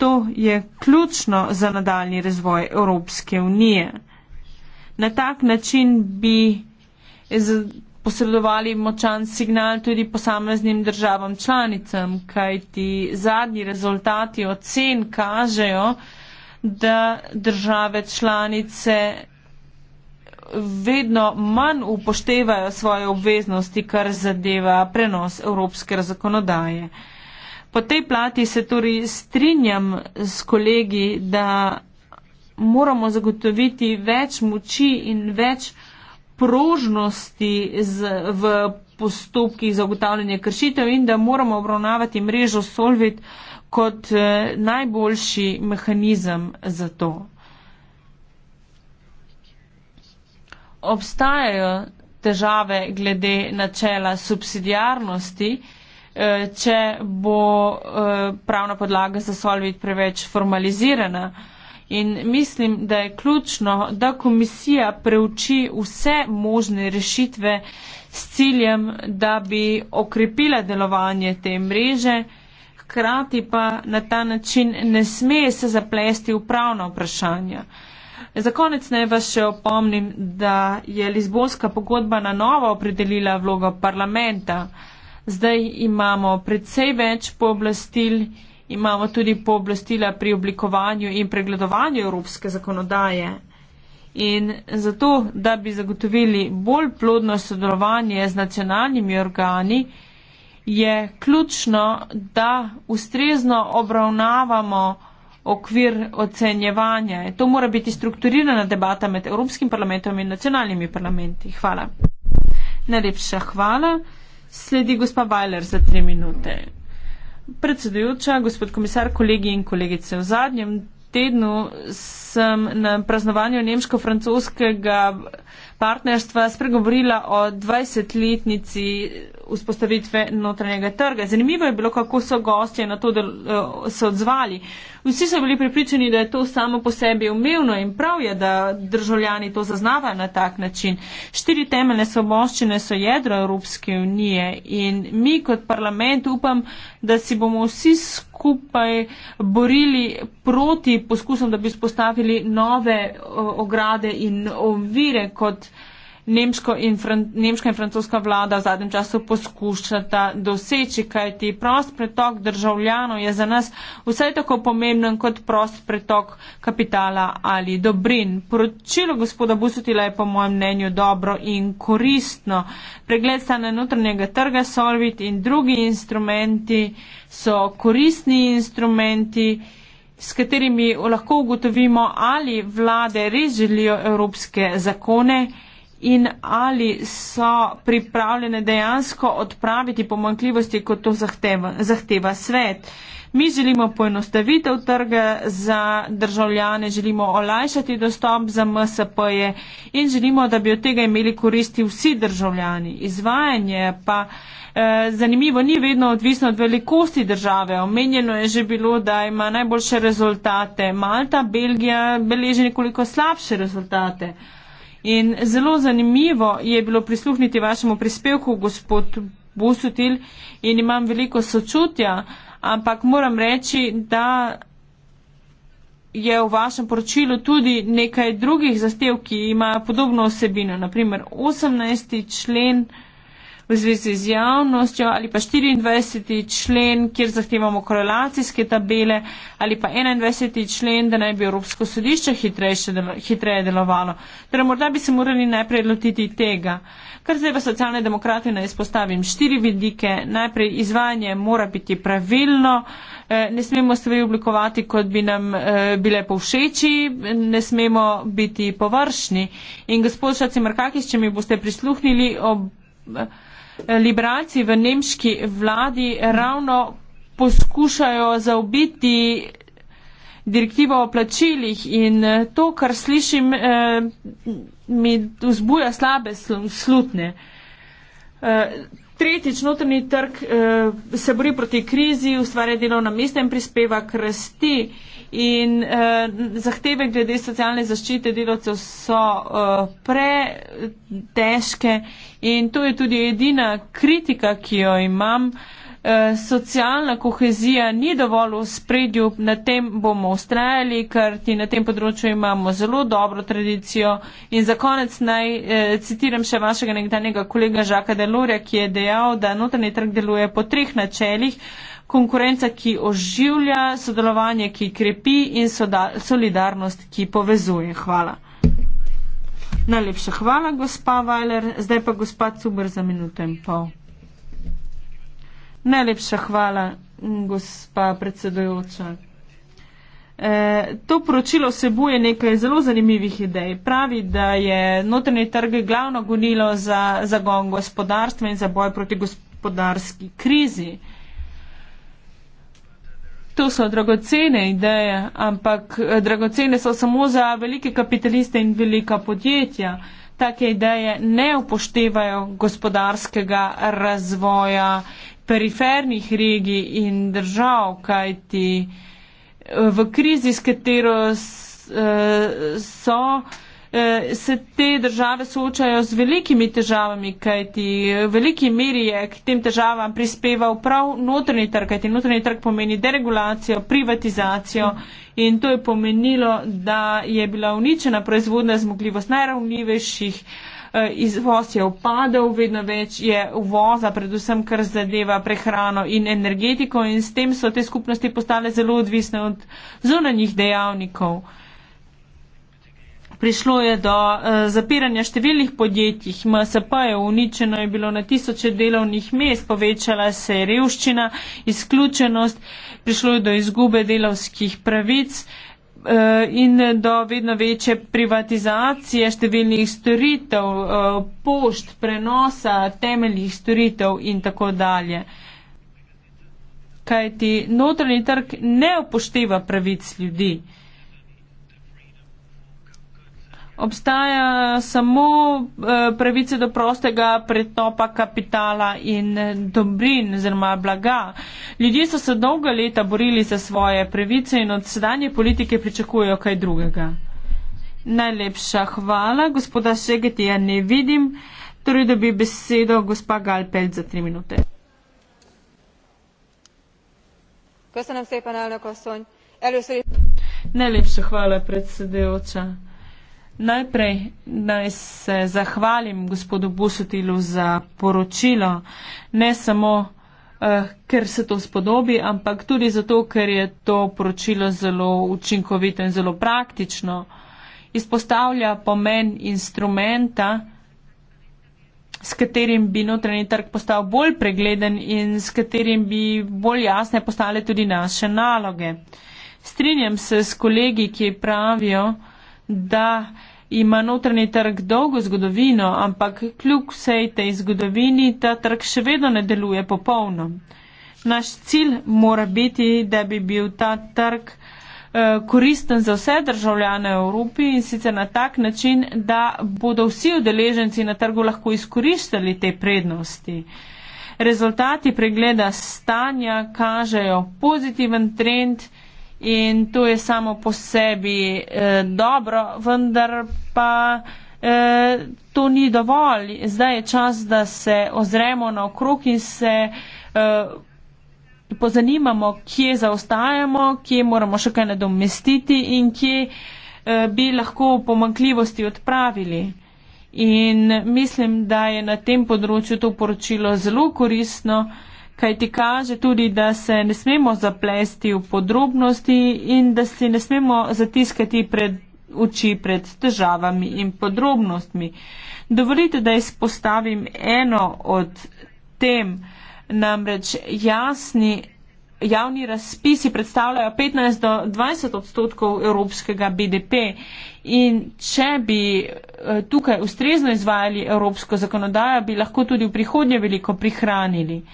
To je ključno za nadaljni razvoj Evropske unije. Na tak način bi posredovali močan signal tudi posameznim državam članicam, kajti zadnji rezultati ocen kažejo, da države članice vedno manj upoštevajo svoje obveznosti, kar zadeva prenos evropske zakonodaje. Po tej plati se torej strinjam s kolegi, da moramo zagotoviti več moči in več prožnosti z, v postopki za ugotavljanje kršitev in da moramo obravnavati mrežo Solvit kot eh, najboljši mehanizem za to. Obstajajo težave glede načela subsidijarnosti, eh, če bo eh, pravna podlaga za Solvit preveč formalizirana. In mislim, da je ključno, da komisija preuči vse možne rešitve, s ciljem, da bi okrepila delovanje te mreže, hkrati pa na ta način ne sme se zaplesti v pravna vprašanja. Za konec naj vas še opomnim, da je Lizbonska pogodba na novo opredelila vlogo parlamenta. Zdaj imamo predvsej več pooblastil, imamo tudi pooblastila pri oblikovanju in pregledovanju evropske zakonodaje. In zato, da bi zagotovili bolj plodno sodelovanje z nacionalnimi organi, je ključno, da ustrezno obravnavamo okvir ocenjevanja. To mora biti strukturirana debata med Evropskim parlamentom in nacionalnimi parlamenti. Hvala. Najlepša hvala. Sledi gospa Bajler za tri minute. Predsedujoča, gospod komisar, kolegi in kolegice, v zadnjem tednu sem na praznovanju nemško-francoskega partnerstva spregovorila o 20-letnici vzpostavitve notranjega trga. Zanimivo je bilo, kako so gostje na to del, eh, se odzvali. Vsi so bili pripričani, da je to samo po sebi umevno in prav je, da državljani to zaznavajo na tak način. Štiri temeljne svoboščine so jedro Evropske unije in mi kot parlament upam, da si bomo vsi skupaj borili proti poskusom, da bi spostavili nove eh, ograde in ovire kot nemško in fran, nemška in francoska vlada v zadnjem času poskušata doseči, kajti prost pretok državljanov je za nas vsaj tako pomemben kot prost pretok kapitala ali dobrin. Poročilo gospoda Busutila je po mojem mnenju dobro in koristno. Pregled stane notranjega trga Solvit in drugi instrumenti so koristni instrumenti s katerimi lahko ugotovimo, ali vlade res želijo evropske zakone, in ali so pripravljene dejansko odpraviti pomankljivosti, kot to zahteva, zahteva svet. Mi želimo poenostavitev trga za državljane, želimo olajšati dostop za MSP-je in želimo, da bi od tega imeli koristi vsi državljani. Izvajanje pa eh, zanimivo ni vedno odvisno od velikosti države. Omenjeno je že bilo, da ima najboljše rezultate Malta, Belgija, beleže nekoliko slabše rezultate. Eh, In zelo zanimivo je bilo prisluhniti vašemu prispevku, gospod Busutil, in imam veliko sočutja, ampak moram reči, da je v vašem poročilu tudi nekaj drugih zastev, ki imajo podobno osebino. Naprimer, 18. člen v zvezi z javnostjo ali pa 24. člen, kjer zahtevamo korelacijske tabele ali pa 21. člen, da naj bi Evropsko sodišče delo, hitreje delovalo. Torej morda bi se morali najprej lotiti tega. Kar zdaj v socialne demokrati naj izpostavim štiri vidike. Najprej izvajanje mora biti pravilno, e, ne smemo stvari oblikovati, kot bi nam e, bile povšeči, ne smemo biti površni. In gospod Šacimarkakis, če mi boste prisluhnili, ob, liberalci v nemški vladi ravno poskušajo zaobiti direktivo o plačilih in eh, to, kar slišim, eh, mi vzbuja slabe slutne. Eh, Tretjič, notrni trg eh, se bori proti krizi, ustvarja delovna mesta in prispeva k rasti. In eh, zahteve glede socialne zaščite delavcev so eh, pretežke in to je tudi edina kritika, ki jo imam. Eh, Eh, socialna kohezija ni dovolj v spredju, na tem bomo ustrajali, ker ti na tem področju imamo zelo dobro tradicijo. In za konec naj eh, citiram še vašega nekdanjega kolega Žaka Delorja, ki je dejal, da notranji trg deluje po treh načelih. Konkurenca, ki oživlja, sodelovanje, ki krepi in solidarnost, ki povezuje. Hvala. Najlepša hvala, gospa Vajler. Zdaj pa gospod Cubr za minuto in pol. Najlepša hvala, gospa predsedujoča. E, to poročilo vsebuje nekaj zelo zanimivih idej. Pravi, da je notrni trg glavno gonilo za zagon gospodarstva in za boj proti gospodarski krizi. To so dragocene ideje, ampak e, dragocene so samo za velike kapitaliste in velika podjetja. Take ideje ne upoštevajo gospodarskega razvoja perifernih regij in držav, kajti eh, v krizi, s katero eh, so, eh, se te države soočajo z velikimi težavami, kajti v veliki meri je k tem težavam prispeval prav notrni trg, kajti notrni trg pomeni deregulacijo, privatizacijo in to je pomenilo, da je bila uničena proizvodna zmogljivost najravnljivejših Eh, izvoz je upadal, vedno več je uvoza, predvsem kar zadeva prehrano in energetiko in s tem so te skupnosti postale zelo odvisne od zunanjih dejavnikov. Prišlo je do eh, zapiranja številnih podjetij, MSP je uničeno, je bilo na tisoče delovnih mest, povečala se je revščina, izključenost, prišlo je do izgube delovskih pravic. Eh, in do vedno večje privatizacije številnih storitev, eh, pošt, prenosa temeljih storitev in tako dalje. Kajti notranji trg ne upošteva pravic ljudi. Uh, obstaja samo eh, pravice do prostega pretopa kapitala in eh, dobrin oziroma blaga. Ljudje so se dolga leta borili za svoje pravice in od sedanje politike pričakujejo kaj drugega. Najlepša hvala, gospoda Šegeti, ja ne vidim, torej dobi besedo gospa Galpelt za tri minute. Najlepša hvala, predsedujoča. Najprej naj se zahvalim gospodu Busutilu za poročilo, ne samo, eh, ker se to spodobi, ampak tudi zato, ker je to poročilo zelo učinkovito in zelo praktično. Izpostavlja pomen instrumenta, s katerim bi notranji trg postal bolj pregleden in s katerim bi bolj jasne postale tudi naše naloge. Strinjam se s kolegi, ki pravijo, da ima notranji trg dolgo zgodovino, ampak kljub vsej tej zgodovini ta trg še vedno ne deluje popolno. Naš cilj mora biti, da bi bil ta trg eh, koristen za vse državljane Evropi in sicer na tak način, da bodo vsi udeleženci na trgu lahko izkoristili te prednosti. Rezultati pregleda stanja kažejo pozitiven trend, in to je samo po sebi eh, dobro, vendar pa eh, to ni dovolj. Zdaj je čas, da se ozremo na okrog in se. Eh, Pozanimamo, kje zaostajamo, kje moramo še kaj nadomestiti in kje eh, bi lahko pomankljivosti odpravili. In mislim, da je na tem področju to poročilo zelo koristno. Eh, kaj ti kaže tudi, da se ne smemo zaplesti v podrobnosti in da si ne smemo zatiskati pred oči pred težavami in podrobnostmi. Dovolite, da izpostavim eno od tem, namreč jasni javni razpisi predstavljajo 15 do 20 odstotkov evropskega BDP in če bi eh, tukaj ustrezno izvajali evropsko zakonodajo, bi lahko tudi v prihodnje veliko prihranili. Uh,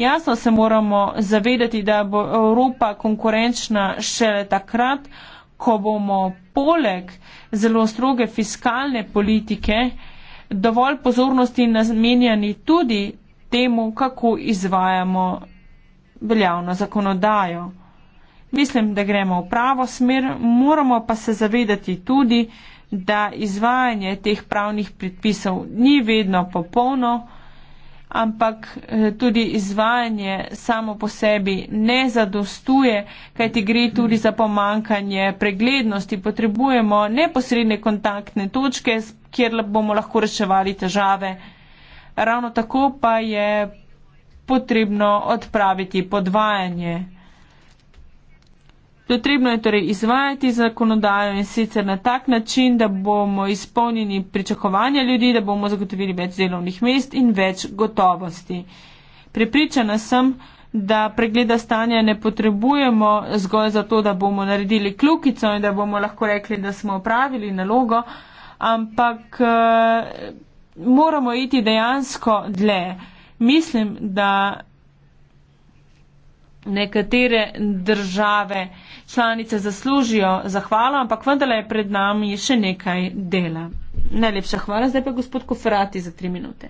Jasno se moramo zavedati, da bo Evropa konkurenčna šele takrat, ko bomo poleg zelo stroge fiskalne politike dovolj pozornosti namenjani tudi temu, kako izvajamo veljavno zakonodajo. Mislim, da gremo v pravo smer, moramo pa se zavedati tudi, da izvajanje teh pravnih predpisov ni vedno popolno ampak eh, tudi izvajanje samo po sebi ne zadostuje, kaj ti gre tudi za pomankanje preglednosti. Potrebujemo neposredne kontaktne točke, kjer bomo lahko reševali težave. Ravno tako pa je potrebno odpraviti podvajanje. Potrebno je torej izvajati zakonodajo in sicer na tak način, da bomo izpolnjeni pričakovanja ljudi, da bomo zagotovili več delovnih mest in več gotovosti. Pripričana sem, da pregleda stanja ne potrebujemo zgolj zato, da bomo naredili kljukico in da bomo lahko rekli, da smo opravili nalogo, ampak eh, moramo iti dejansko dlje. Mislim, da nekatere države članice zaslužijo zahvalo, ampak vendarle je pred nami še nekaj dela. Najlepša hvala, zdaj pa gospod Kofrati za tri minute.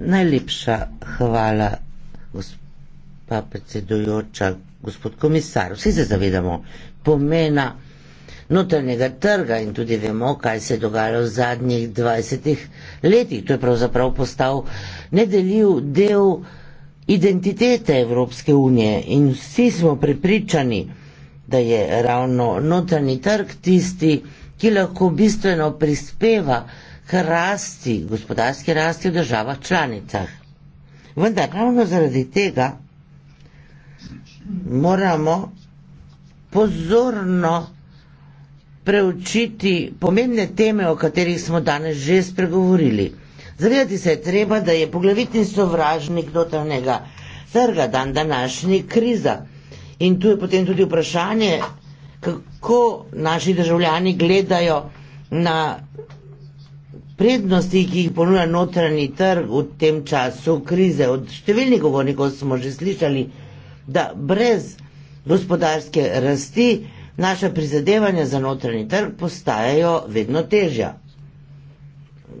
Najlepša hvala, gospa predsedujoča, gospod komisar. Vsi se zavedamo pomena notranjega trga in tudi vemo, kaj se je dogajalo v zadnjih 20 letih. To je pravzaprav postal nedeljiv del identitete Evropske unije in vsi smo prepričani, da je ravno notranji trg tisti, ki lahko bistveno prispeva k rasti, gospodarski rasti v državah članicah. Vendar ravno zaradi tega moramo pozorno preučiti pomembne teme, o katerih smo danes že spregovorili. Zavedati se je treba, da je poglavitni sovražnik notranjega trga dan današnji kriza. In tu je potem tudi vprašanje, kako naši državljani gledajo na prednosti, ki jih ponuja notranji trg v tem času krize. Od številnih govornikov smo že slišali, da brez gospodarske rasti naša prizadevanja za notranji trg postajajo vedno težja.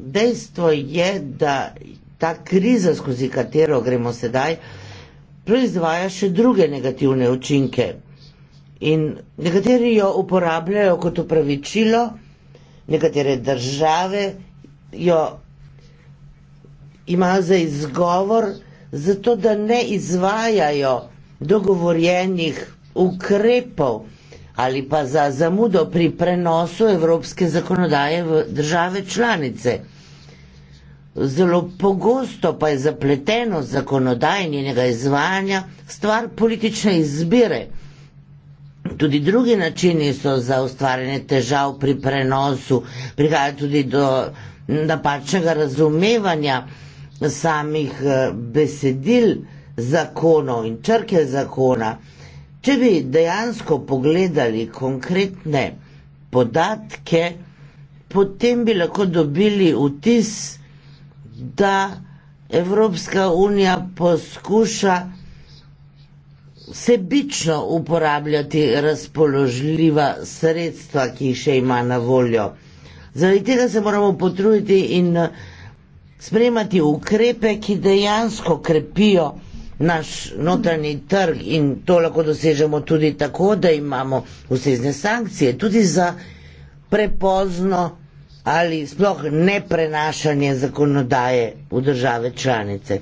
Dejstvo je, da ta kriza, skozi katero gremo sedaj, proizvaja še druge negativne učinke. In nekateri jo uporabljajo kot upravičilo, nekatere države jo imajo za izgovor, zato da ne izvajajo dogovorjenih ukrepov ali pa za zamudo pri prenosu evropske zakonodaje v države članice. Zelo pogosto pa je zapleteno zakonodaj njenega izvajanja stvar politične izbire. Tudi drugi načini so za ustvarjanje težav pri prenosu, prihaja tudi do napačnega razumevanja samih eh, besedil zakonov in črke zakona. Če bi dejansko pogledali konkretne podatke, potem bi lahko dobili vtis, da Evropska unija poskuša sebično uporabljati razpoložljiva sredstva, ki jih še ima na voljo. Zaradi tega se moramo potruditi in sprejemati ukrepe, ki dejansko krepijo naš notranji trg in to lahko dosežemo tudi tako, da imamo ustrezne sankcije, tudi za prepozno ali sploh ne prenašanje zakonodaje v države članice.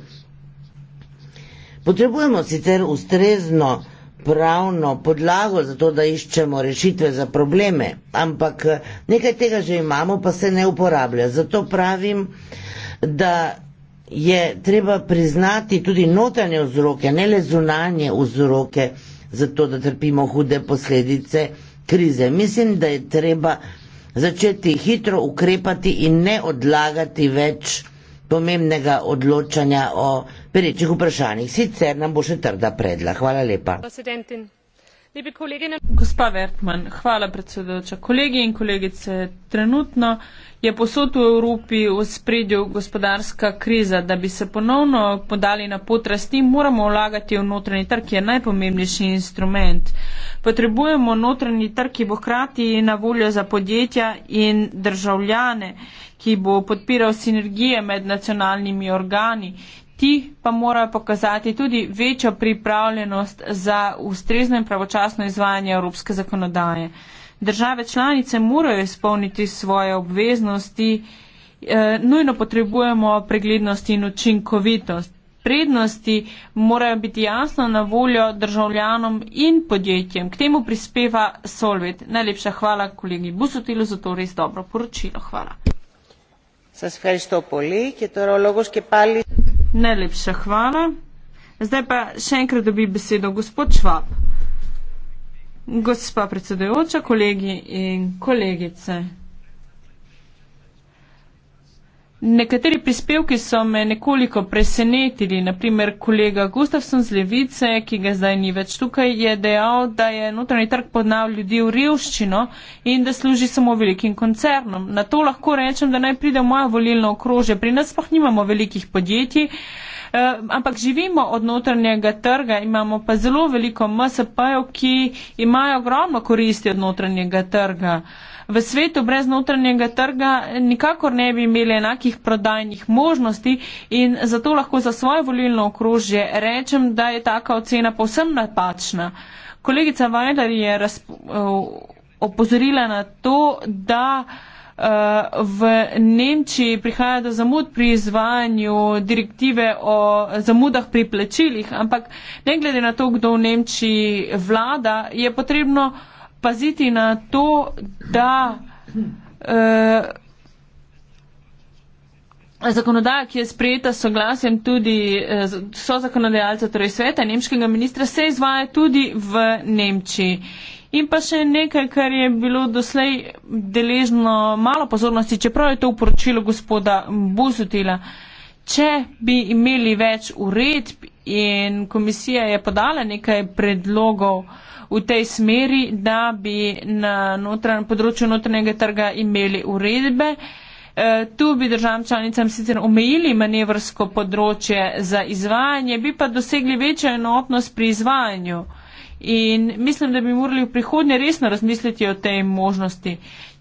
Potrebujemo sicer ustrezno pravno podlago za to, da iščemo rešitve za probleme, ampak nekaj tega že imamo, pa se ne uporablja. Zato pravim, da je treba priznati tudi notranje vzroke, ne le zunanje vzroke za to, da trpimo hude posledice krize. Mislim, da je treba začeti hitro ukrepati in ne odlagati več pomembnega odločanja o perečih vprašanjih. Sicer nam bo še trda predla. Hvala lepa. Presidentin. Gospa Wertmann, hvala predsedujoča. Kolegi in kolegice, trenutno je posod v Evropi v spredju gospodarska kriza. Da bi se ponovno podali na pot rasti, moramo vlagati v notranji trg, ki je najpomembnejši instrument. Potrebujemo notranji trg, ki bo hkrati na voljo za podjetja in državljane, ki bo podpiral sinergije med nacionalnimi organi. Ti pa morajo pokazati tudi večjo pripravljenost za ustrezno in pravočasno izvajanje evropske zakonodaje. Države članice morajo izpolniti svoje obveznosti, e, nujno potrebujemo preglednost in učinkovitost. Prednosti morajo biti jasno na voljo državljanom in podjetjem. K temu prispeva Solvit. Najlepša hvala kolegi Busotilu za to res dobro poročilo. Hvala. Najlepša hvala. Zdaj pa še enkrat dobi besedo gospod Švab. Gospa predsedujoča, kolegi in kolegice. Nekateri prispevki so me nekoliko presenetili, naprimer kolega Gustafsson z Levice, ki ga zdaj ni več tukaj, je dejal, da je notranji trg podnav ljudi v revščino in da služi samo velikim koncernom. Na to lahko rečem, da naj pride v moje volilno okrožje. Pri nas pa nimamo velikih podjetij. Uh, Eh, ampak živimo od notranjega trga, imamo pa zelo veliko MSP-jev, ki imajo ogromno koristi od notranjega trga. V svetu brez notranjega trga nikakor ne bi imeli enakih prodajnih možnosti in zato lahko za svoje volilno okrožje rečem, da je taka ocena povsem napačna. Kolegica Vajdar je razpo, uh, eh, opozorila na to, da uh, Eh, v Nemčiji prihaja do zamud pri izvajanju direktive o zamudah pri plačilih, ampak ne glede na to, kdo v Nemčiji vlada, je potrebno paziti na to, da eh, Zakonodaja, ki je sprejeta soglasjem tudi eh, so zakonodajalca, torej sveta nemškega ministra, se izvaja tudi v Nemčiji. In pa še nekaj, kar je bilo doslej deležno malo pozornosti, čeprav je to uporočilo gospoda Busutila. Če bi imeli več uredb in komisija je podala nekaj predlogov v tej smeri, da bi na notran, področju notranjega trga imeli uredbe, eh, Tu bi državam članicam sicer omejili manevrsko področje za izvajanje, bi pa dosegli večjo enotnost pri izvajanju. In mislim, da bi morali v prihodnje resno razmisliti o tej možnosti.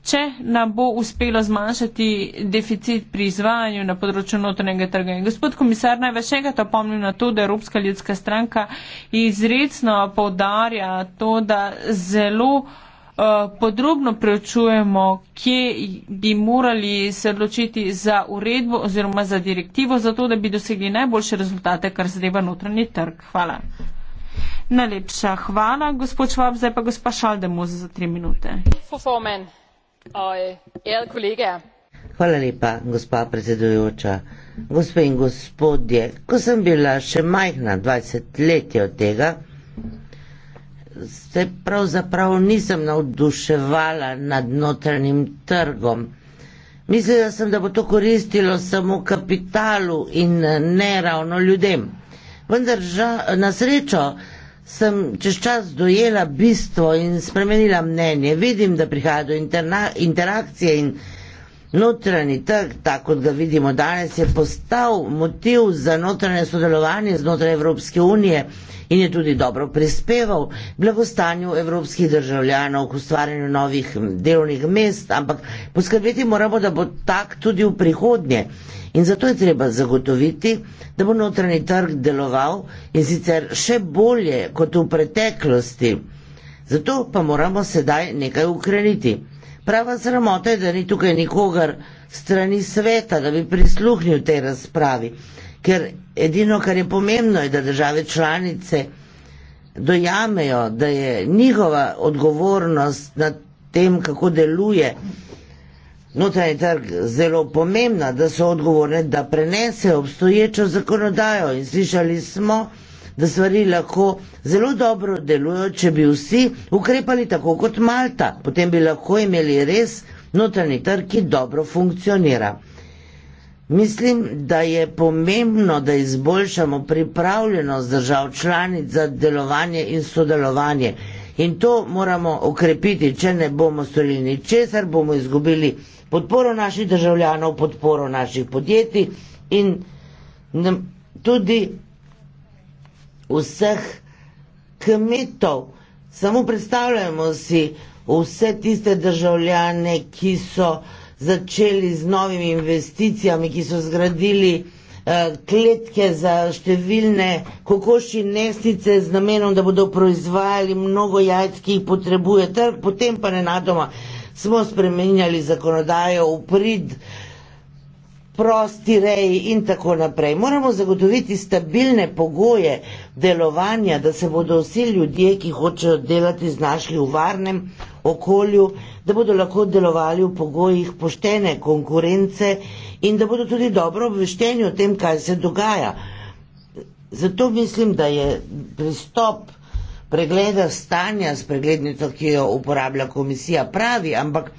Če nam bo uspelo zmanjšati deficit pri izvajanju na področju notranjega trga. In gospod komisar, največ enkrat opomnim na to, da Evropska ljudska stranka izredno povdarja to, da zelo uh, podrobno preučujemo, kje bi morali se odločiti za uredbo oziroma za direktivo, zato da bi dosegli najboljše rezultate, kar zadeva notranji trg. Hvala. Najlepša hvala, gospod Švab. Zdaj pa gospa Šaldemus za tri minute. Øh, hvala lepa, gospa predsedujoča. Gospe in gospodje, ko sem bila še majhna, 20 let je od tega, se pravzaprav nisem navduševala nad notranjim trgom. Mislila sem, da bo to koristilo samo kapitalu in ne ravno ljudem. Vendar ža, na srečo sem čez čas dojela bistvo in spremenila mnenje. Vidim, da prihaja do interna, interakcije in Notranji trg, tako kot ga vidimo danes, je postal motiv za notranje sodelovanje znotraj Evropske unije in je tudi dobro prispeval k blagostanju evropskih državljanov, k ustvarjanju novih delovnih mest, ampak poskrbeti moramo, da bo tak tudi v prihodnje. In zato je treba zagotoviti, da bo notranji trg deloval in sicer še bolje kot v preteklosti. Zato pa moramo sedaj nekaj ukreniti. Prava sramota je, da ni tukaj nikogar strani sveta, da bi prisluhnil tej razpravi, ker edino, kar je pomembno, je, da države članice dojamejo, da je njihova odgovornost nad tem, kako deluje notranji trg, zelo pomembna, da so odgovorne, da prenesejo obstoječo zakonodajo in slišali smo, da stvari lahko zelo dobro delujejo, če bi vsi ukrepali tako kot Malta. Potem bi lahko imeli res notranji trg, ki dobro funkcionira. Mislim, da je pomembno, da izboljšamo pripravljenost držav članic za delovanje in sodelovanje. In to moramo okrepiti, če ne bomo storili ničesar, bomo izgubili podporo naših državljanov, podporo naših podjetij in tudi vseh kmetov. Samo predstavljamo si vse tiste državljane, ki so začeli z novimi investicijami, ki so zgradili eh, kletke za številne kokoši nesnice z namenom, da bodo proizvajali mnogo jajc, ki jih potrebuje trg, potem pa nenadoma smo spremenjali zakonodajo v prid prosti reji in tako naprej. Moramo zagotoviti stabilne pogoje, delovanja, da se bodo vsi ljudje, ki hočejo delati, znašli v varnem okolju, da bodo lahko delovali v pogojih poštene konkurence in da bodo tudi dobro obvešteni o tem, kaj se dogaja. Zato mislim, da je pristop pregleda stanja s preglednico, ki jo uporablja komisija, pravi, ampak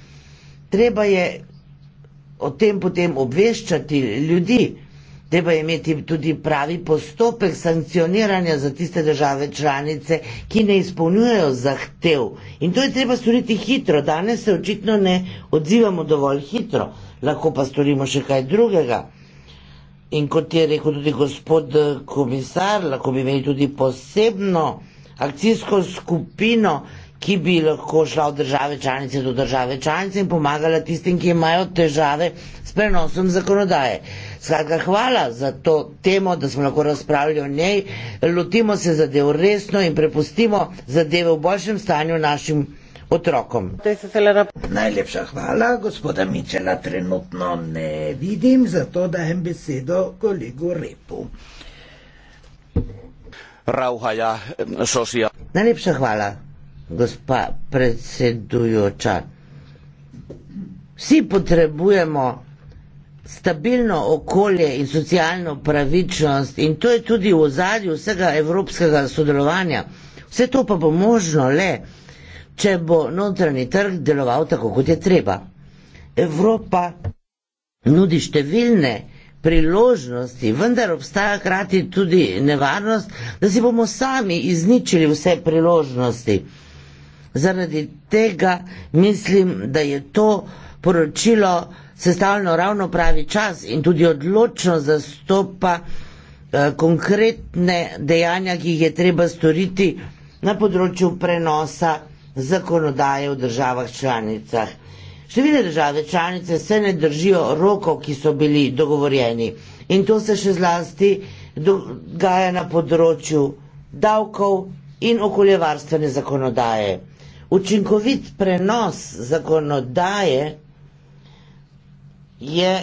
treba je o tem potem obveščati ljudi treba imeti tudi pravi postopek sankcioniranja za tiste države članice, ki ne izpolnjujejo zahtev. In to je treba storiti hitro. Danes se očitno ne odzivamo dovolj hitro, lahko pa storimo še kaj drugega. In kot je rekel tudi gospod eh, komisar, lahko bi imeli tudi posebno akcijsko skupino, ki bi lahko šla od države članice do države članice in pomagala tistim, ki imajo težave s prenosom zakonodaje. Skratka, hvala za to temo, da smo lahko razpravljali o njej. Lotimo se zadev resno in prepustimo zadeve v boljšem stanju našim otrokom. Najlepša hvala, gospoda Mičela trenutno ne vidim, zato dajem besedo kolegu Repu. Rauhaja, sosija. Najlepša hvala, gospa predsedujoča. Vsi potrebujemo stabilno okolje in socialno pravičnost in to je tudi v zadju vsega evropskega sodelovanja. Vse to pa bo možno le, če bo notranji trg deloval tako, kot je treba. Evropa nudi številne priložnosti, vendar obstaja hkrati tudi nevarnost, da si bomo sami izničili vse priložnosti. Zaradi tega mislim, da je to poročilo sestavljeno ravno pravi čas in tudi odločno zastopa eh, konkretne dejanja, ki jih je treba storiti na področju prenosa zakonodaje v državah članicah. Številne države članice se ne držijo rokov, ki so bili dogovorjeni in to se še zlasti dogaja na področju davkov in okoljevarstvene zakonodaje. Učinkovit prenos zakonodaje je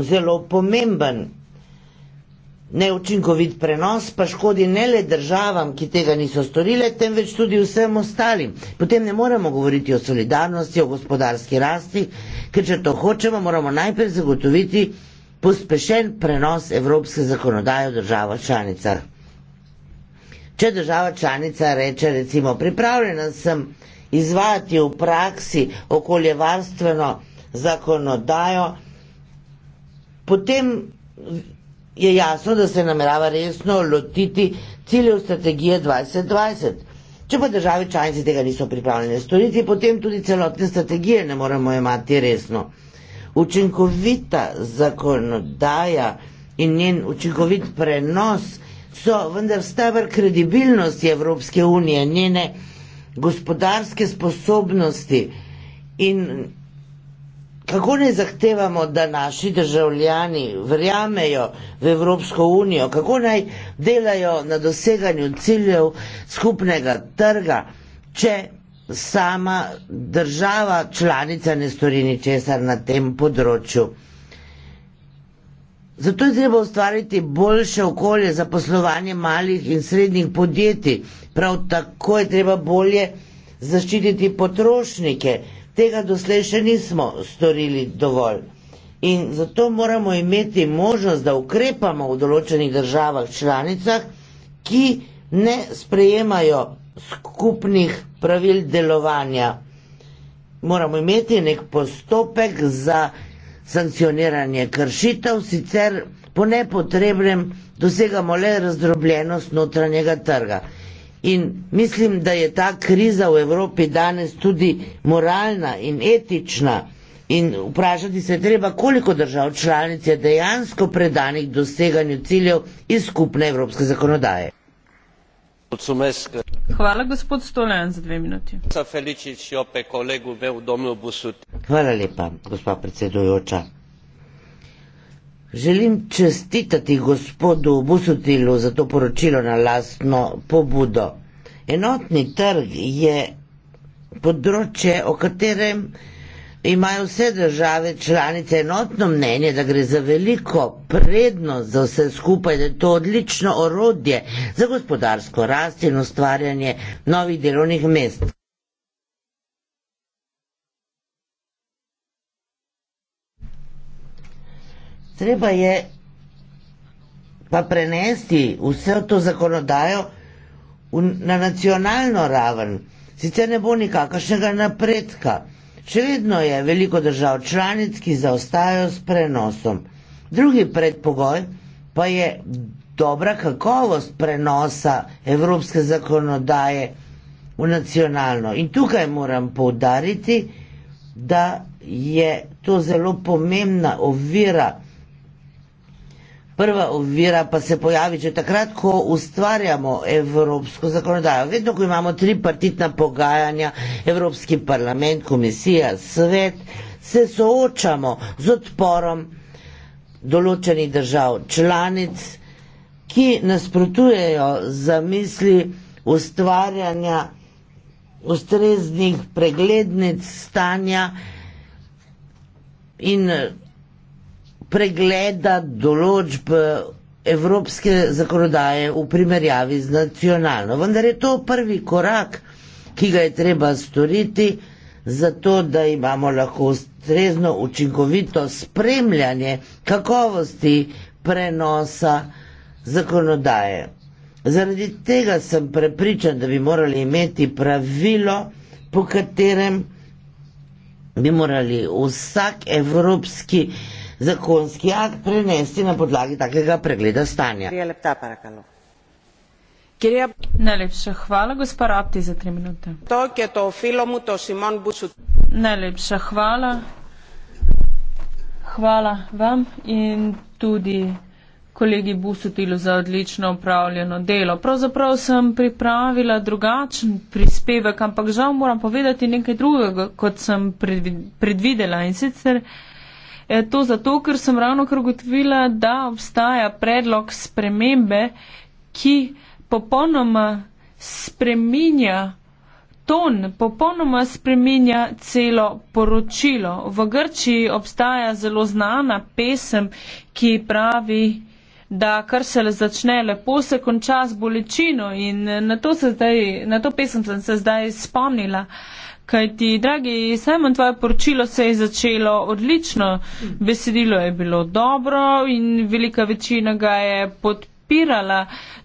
zelo pomemben. Neučinkovit prenos pa škodi ne le državam, ki tega niso storile, temveč tudi vsem ostalim. Potem ne moremo govoriti o solidarnosti, o gospodarski rasti, ker če to hočemo, moramo najprej zagotoviti pospešen prenos evropske zakonodaje v država članica. Če država članica reče recimo pripravljena sem izvati v praksi okoljevarstveno zakonodajo, potem je jasno, da se namerava resno lotiti ciljev strategije 2020. Če pa države članice tega niso pripravljene storiti, potem tudi celotne strategije ne moremo imati resno. Učinkovita zakonodaja in njen učinkovit prenos so vendar stavr kredibilnosti Evropske unije, njene gospodarske sposobnosti in Kako ne zahtevamo, da naši državljani verjamejo v Evropsko unijo, kako naj delajo na doseganju ciljev skupnega trga, če sama država članica ne stori ničesar na tem področju. Zato je treba ustvariti boljše okolje za poslovanje malih in srednjih podjetij. Prav tako je treba bolje zaščititi potrošnike, tega doslej še nismo storili dovolj. In zato moramo imeti možnost, da ukrepamo v določenih državah članicah, ki ne sprejemajo skupnih pravil delovanja. Moramo imeti nek postopek za sankcioniranje kršitev, sicer po nepotrebnem dosegamo le razdrobljenost notranjega trga. In mislim, da je ta kriza v Evropi danes tudi moralna in etična. In vprašati se treba, koliko držav članic je dejansko predanih doseganju ciljev iz skupne evropske zakonodaje. Hvala, gospod Stolen, za dve minuti. Hvala lepa, gospa predsedujoča. Želim čestitati gospodu Busutilu za to poročilo na lastno pobudo. Enotni trg je področje, o katerem imajo vse države članice enotno mnenje, da gre za veliko prednost za vse skupaj, da je to odlično orodje za gospodarsko rast in ustvarjanje novih delovnih mest. treba je pa prenesti vse to zakonodajo v, na nacionalno raven. Sicer ne bo nikakršnega napredka. Še vedno je veliko držav članic, ki zaostajajo s prenosom. Drugi predpogoj pa je dobra kakovost prenosa evropske zakonodaje v nacionalno. In tukaj moram poudariti, da je to zelo pomembna ovira Prva ovira pa se pojavi, če takrat, ko ustvarjamo evropsko zakonodajo, vedno, ko imamo tripartitna pogajanja, Evropski parlament, komisija, svet, se soočamo z odporom določenih držav članic, ki nasprotujejo za misli ustvarjanja ustreznih preglednic stanja in pregleda določb eh, evropske zakonodaje v primerjavi z nacionalno. Vendar je to prvi korak, ki ga je treba storiti, zato da imamo lahko ustrezno učinkovito spremljanje kakovosti prenosa zakonodaje. Zaradi tega sem prepričan, da bi morali imeti pravilo, po katerem bi morali vsak evropski zakonski akt prenesti na podlagi takega pregleda stanja. Najlepša hvala, gospod Rapti, za tri minute. Najlepša hvala. Hvala vam in tudi kolegi Busutilu za odlično upravljeno delo. Pravzaprav sem pripravila drugačen prispevek, ampak žal moram povedati nekaj drugega, kot sem predvidela in sicer. E, to zato, ker sem ravno kar ugotovila, da obstaja predlog spremembe, ki popolnoma spreminja ton, popolnoma spreminja celo poročilo. V Grčiji obstaja zelo znana pesem, ki pravi, da kar se le začne lepo, se konča z bolečino in eh, na to, se zdaj, na to pesem sem se zdaj spomnila. Kaj ti, dragi Simon, tvoje poročilo se je začelo odlično, besedilo je bilo dobro in velika večina ga je podpirala.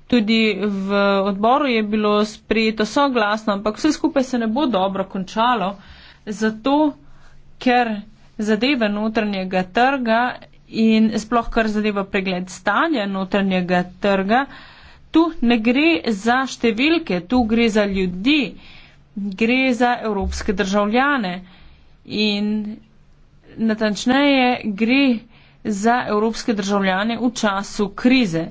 Tudi v odboru je bilo sprejeto soglasno, ampak vse skupaj se ne bo dobro končalo, zato ker zadeve notranjega trga in sploh kar zadeva pregled stanja notranjega trga, tu ne gre za številke, tu gre za ljudi gre za evropske državljane in natančneje gre za evropske državljane v času krize.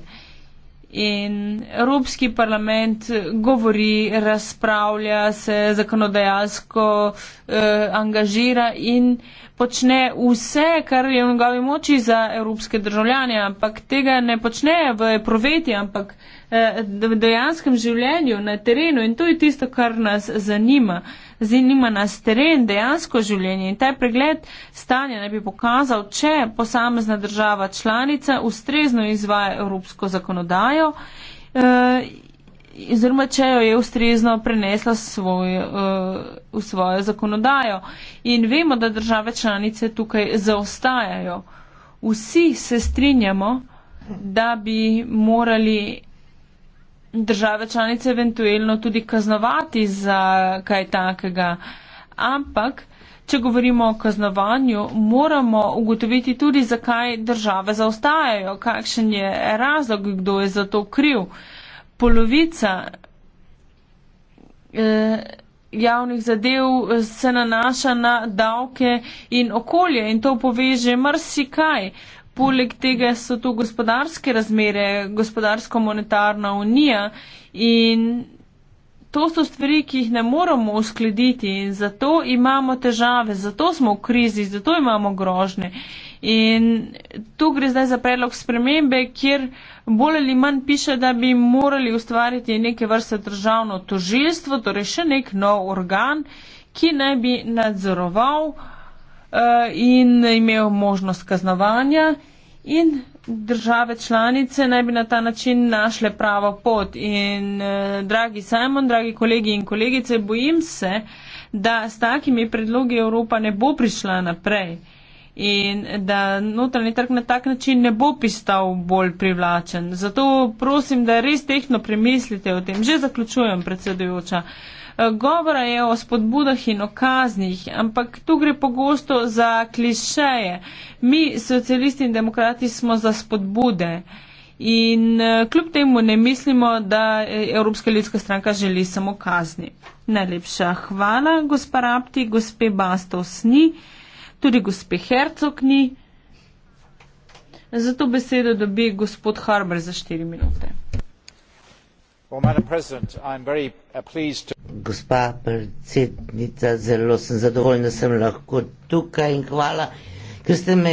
In Evropski parlament govori, razpravlja se, zakonodajalsko eh, angažira in počne vse, kar je v njegovi moči za evropske državljane, ampak tega ne počne v proveti, ampak eh, v eh, dejanskem življenju, na terenu in to je tisto, kar nas zanima. Zanima nas teren, dejansko življenje in ta pregled stanja naj bi pokazal, če posamezna država članica ustrezno izvaja evropsko zakonodajo. Eh, oziroma, če jo je ustrezno prenesla svoj, uh, v svojo zakonodajo. In vemo, da države članice tukaj zaostajajo. Vsi se strinjamo, da bi morali države članice eventualno tudi kaznovati za kaj takega. Ampak, če govorimo o kaznovanju, moramo ugotoviti tudi, zakaj države zaostajajo, kakšen je razlog, kdo je za to kriv. Polovica eh, javnih zadev se nanaša na davke in okolje in to poveže marsikaj. Eh, Poleg tega so to gospodarske razmere, gospodarsko-monetarna unija in to so stvari, ki jih ne moramo uskladiti in zato imamo težave, zato smo v krizi, zato imamo grožne. In tu gre zdaj za predlog spremembe, kjer bolj ali manj piše, da bi morali ustvariti neke vrste državno tožilstvo, torej še nek nov organ, ki naj bi nadzoroval uh, in imel možnost kaznovanja in države članice naj bi na ta način našle pravo pot. In eh, dragi Simon, dragi kolegi in kolegice, bojim se, da s takimi predlogi Evropa ne bo prišla naprej in da notranji trg na tak način ne bo pistal bolj privlačen. Zato prosim, da res tehno premislite o tem. Že zaključujem, predsedujoča. Eh, Govora je o spodbudah in o kaznih, ampak tu gre pogosto za klišeje. Mi, socialisti in demokrati, smo za spodbude. In eh, kljub temu ne mislimo, da eh, Evropska ljudska stranka želi samo kazni. Najlepša hvala, gospa Rapti, gospe Bastos ni, tudi gospe Hercog ni. Zato besedo dobi gospod Harber za 4 minute. Uh, Gospa predsednica, zelo sem zadovoljna, da sem lahko tukaj in hvala, ker ste me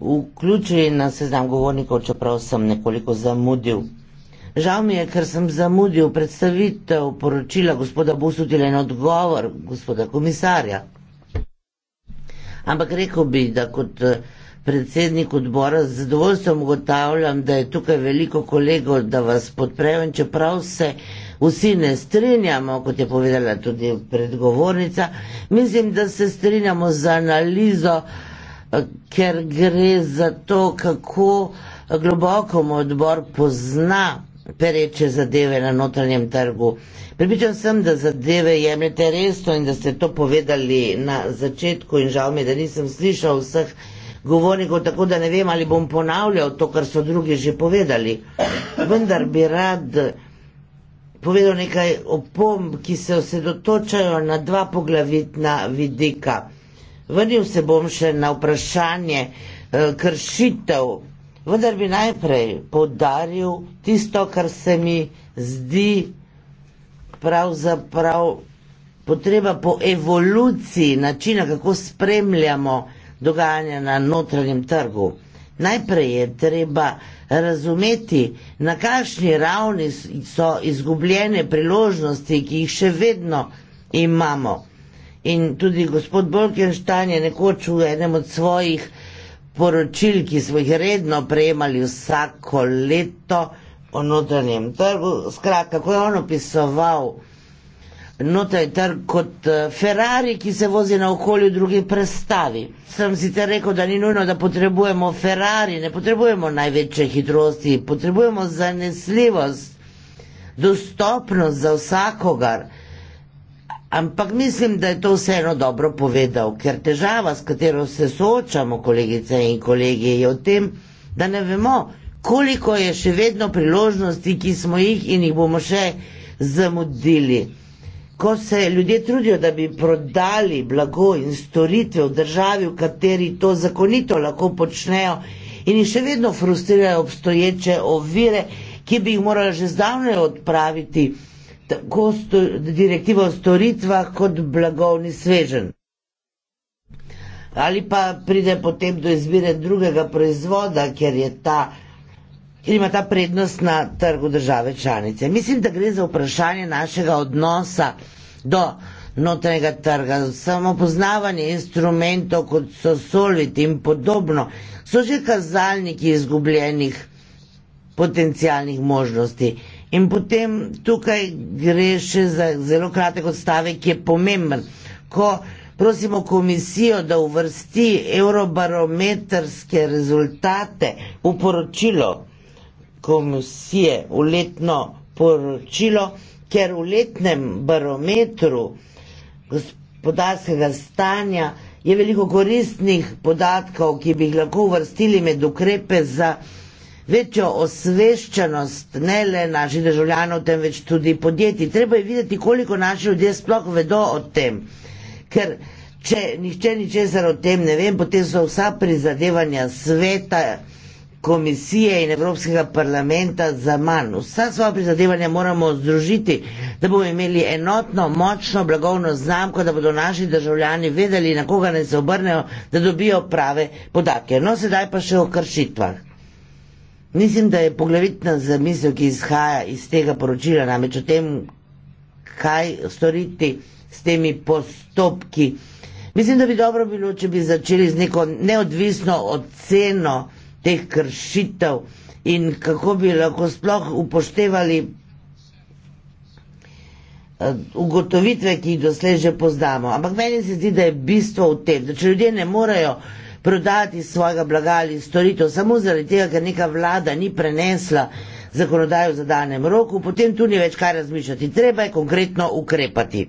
vključili na seznam govornikov, čeprav sem nekoliko zamudil. Žal mi je, ker sem zamudil predstavitev poročila gospoda Busutila in odgovor gospoda komisarja. Ampak rekel bi, da kot predsednik odbora, z zadovoljstvom ugotavljam, da je tukaj veliko kolegov, da vas podprejo in čeprav se vsi ne strinjamo, kot je povedala tudi predgovornica, mislim, da se strinjamo z analizo, ker gre za to, kako globoko odbor pozna pereče zadeve na notranjem trgu. Pripričan sem, da zadeve jemljete resno in da ste to povedali na začetku in žal mi, da nisem slišal vseh govorniku, tako da ne vem, ali bom ponavljal to, kar so drugi že povedali. Vendar bi rad povedal nekaj opomb, ki se osredotočajo na dva poglavitna vidika. Vrnil se bom še na vprašanje eh, kršitev, vendar bi najprej podaril tisto, kar se mi zdi pravzaprav potreba po evoluciji načina, kako spremljamo kršitev dogajanja na notranjem trgu. Najprej je treba razumeti, na kakšni ravni so izgubljene priložnosti, ki jih še vedno imamo. In tudi gospod Bolkenstein je nekoč v enem od svojih poročil, ki smo jih redno prejemali vsako leto o notranjem trgu, skratka, ko je on opisoval, notaj trg kot eh, Ferrari, ki se vozi na okolju druge prestavi. Sem si te rekel, da ni nujno, da potrebujemo Ferrari, ne potrebujemo največje hitrosti, potrebujemo zanesljivost, dostopnost za vsakogar. Ampak mislim, da je to vseeno dobro povedal, ker težava, s katero se soočamo, kolegice in kolegi, je v tem, da ne vemo, koliko je še vedno priložnosti, ki smo jih in jih bomo še zamudili ko se ljudje trudijo, da bi prodali blago in storitve v državi, v kateri to zakonito lahko počnejo in jih še vedno frustrirajo obstoječe ovire, ki bi jih morali že zdavne odpraviti, tako direktiva o storitvah kot blagovni svežen. Ali pa pride potem do izbire drugega proizvoda, ker je ta ker ima ta prednost na trgu države članice. Mislim, da gre za vprašanje našega odnosa do notranjega trga, samopoznavanje instrumentov kot so solvit in podobno, so že kazalniki izgubljenih potencijalnih možnosti. In potem tukaj gre še za zelo kratek odstavek, ki je pomemben. Ko prosimo komisijo, da uvrsti eurobarometrske rezultate v poročilo, komisije v letno poročilo, ker v letnem barometru gospodarskega stanja je veliko koristnih podatkov, ki bi jih lahko uvrstili med ukrepe za večjo osveščenost ne le naših državljanov, temveč tudi podjetij. Treba je videti, koliko naši ljudje sploh vedo o tem, ker če nihče ničesar o tem ne ve, potem so vsa prizadevanja sveta, komisije in Evropskega parlamenta za manj. Vsa svoja prizadevanja moramo združiti, da bomo imeli enotno, močno, blagovno znamko, da bodo naši državljani vedeli, na koga naj se obrnejo, da dobijo prave podatke. No, sedaj pa še o kršitvah. Mislim, da je poglavitna zamisel, ki izhaja iz tega poročila, namreč o tem, kaj storiti s temi postopki. Mislim, da bi dobro bilo, če bi začeli z neko neodvisno oceno, teh kršitev in kako bi lahko sploh upoštevali eh, ugotovitve, ki jih doslej že poznamo. Ampak meni se zdi, da je bistvo v tem, da če ljudje ne morejo prodati svojega blaga ali storitev samo zaradi tega, ker neka vlada ni prenesla zakonodajo za danem roku, potem tu ni več kaj razmišljati. Treba je konkretno ukrepati.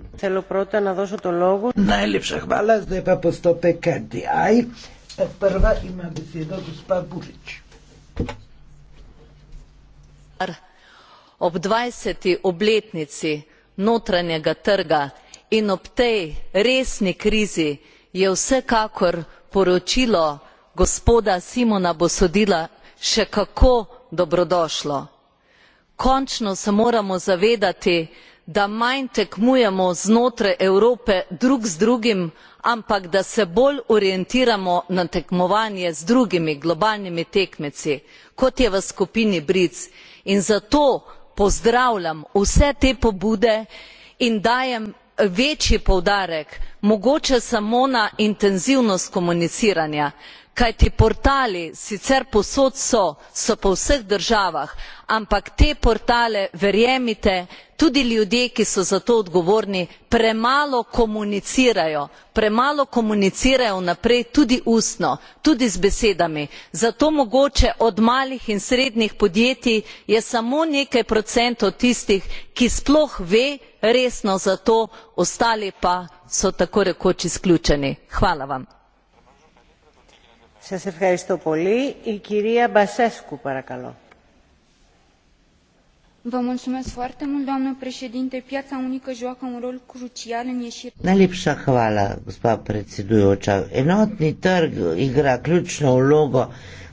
Najlepša hvala, zdaj pa postopek KDI. Prva ima besedo gospa Bužič. Ob 20. obletnici notranjega trga in ob tej resni krizi je vsekakor poročilo gospoda Simona Bosodila še kako dobrodošlo. Končno se moramo zavedati, da manj tekmujemo znotraj Evrope drug z drugim, ampak da se bolj orientiramo na tekmovanje z drugimi globalnimi tekmeci kot je v skupini brics in zato pozdravljam vse te pobude in dajem večji poudarek mogoče samo na intenzivnost komuniciranja kajti portali sicer povsod so so po vseh državah ampak te portale verjemite tudi ljudje ki so za to odgovorni premalo komunicirajo premalo komunicirajo naprej tudi ustno tudi z besedami zato mogoče od malih in srednjih podjetij je samo nekaj procentov tistih ki sploh ve resno za to ostali pa so tako rekoč izključeni hvala vam Σας ευχαριστώ πολύ. Η κυρία Μπασέσκου, παρακαλώ. Vă mulțumesc foarte mult, doamnă președinte. Piața unică joacă un rol crucial în ieșire. Na lipsa hvala, gospa predsedujoča. Enotni trg igra ključno vlogo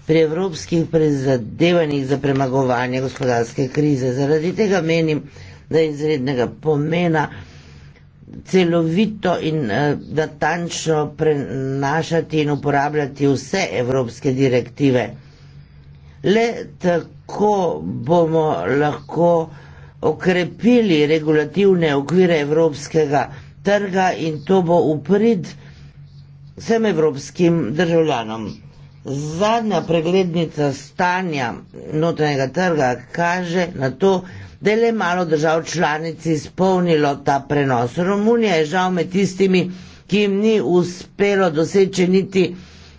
pri evropskih prizadevanjih za premagovanje gospodarske krize. Zaradi tega menim, da je izrednega pomena, celovito in uh, natančno prenašati in uporabljati vse evropske direktive. Le tako bomo lahko okrepili regulativne okvire evropskega trga in to bo uprid vsem evropskim državljanom. Zadnja preglednica stanja notranjega trga kaže na to, da je le malo držav članici izpolnilo ta prenos. Romunija je žal med tistimi, ki jim ni uspelo doseči niti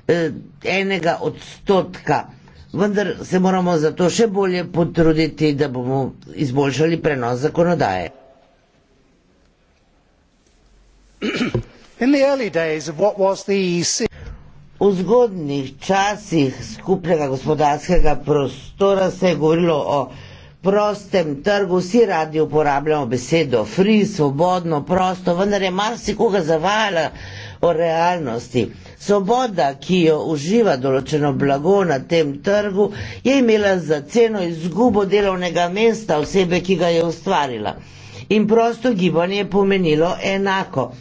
eh, enega odstotka. Vendar se moramo zato še bolje potruditi, da bomo izboljšali prenos zakonodaje. In the early days of what was the EC? V zgodnih časih skupnega gospodarskega prostora se je govorilo o prostem trgu, vsi radi uporabljamo besedo free, svobodno, prosto, vendar je marsikoga zavajala o realnosti. Svoboda, ki jo uživa določeno blago na tem trgu, je imela za ceno izgubo delovnega mesta osebe, ki ga je ustvarila. In prosto gibanje je pomenilo enako.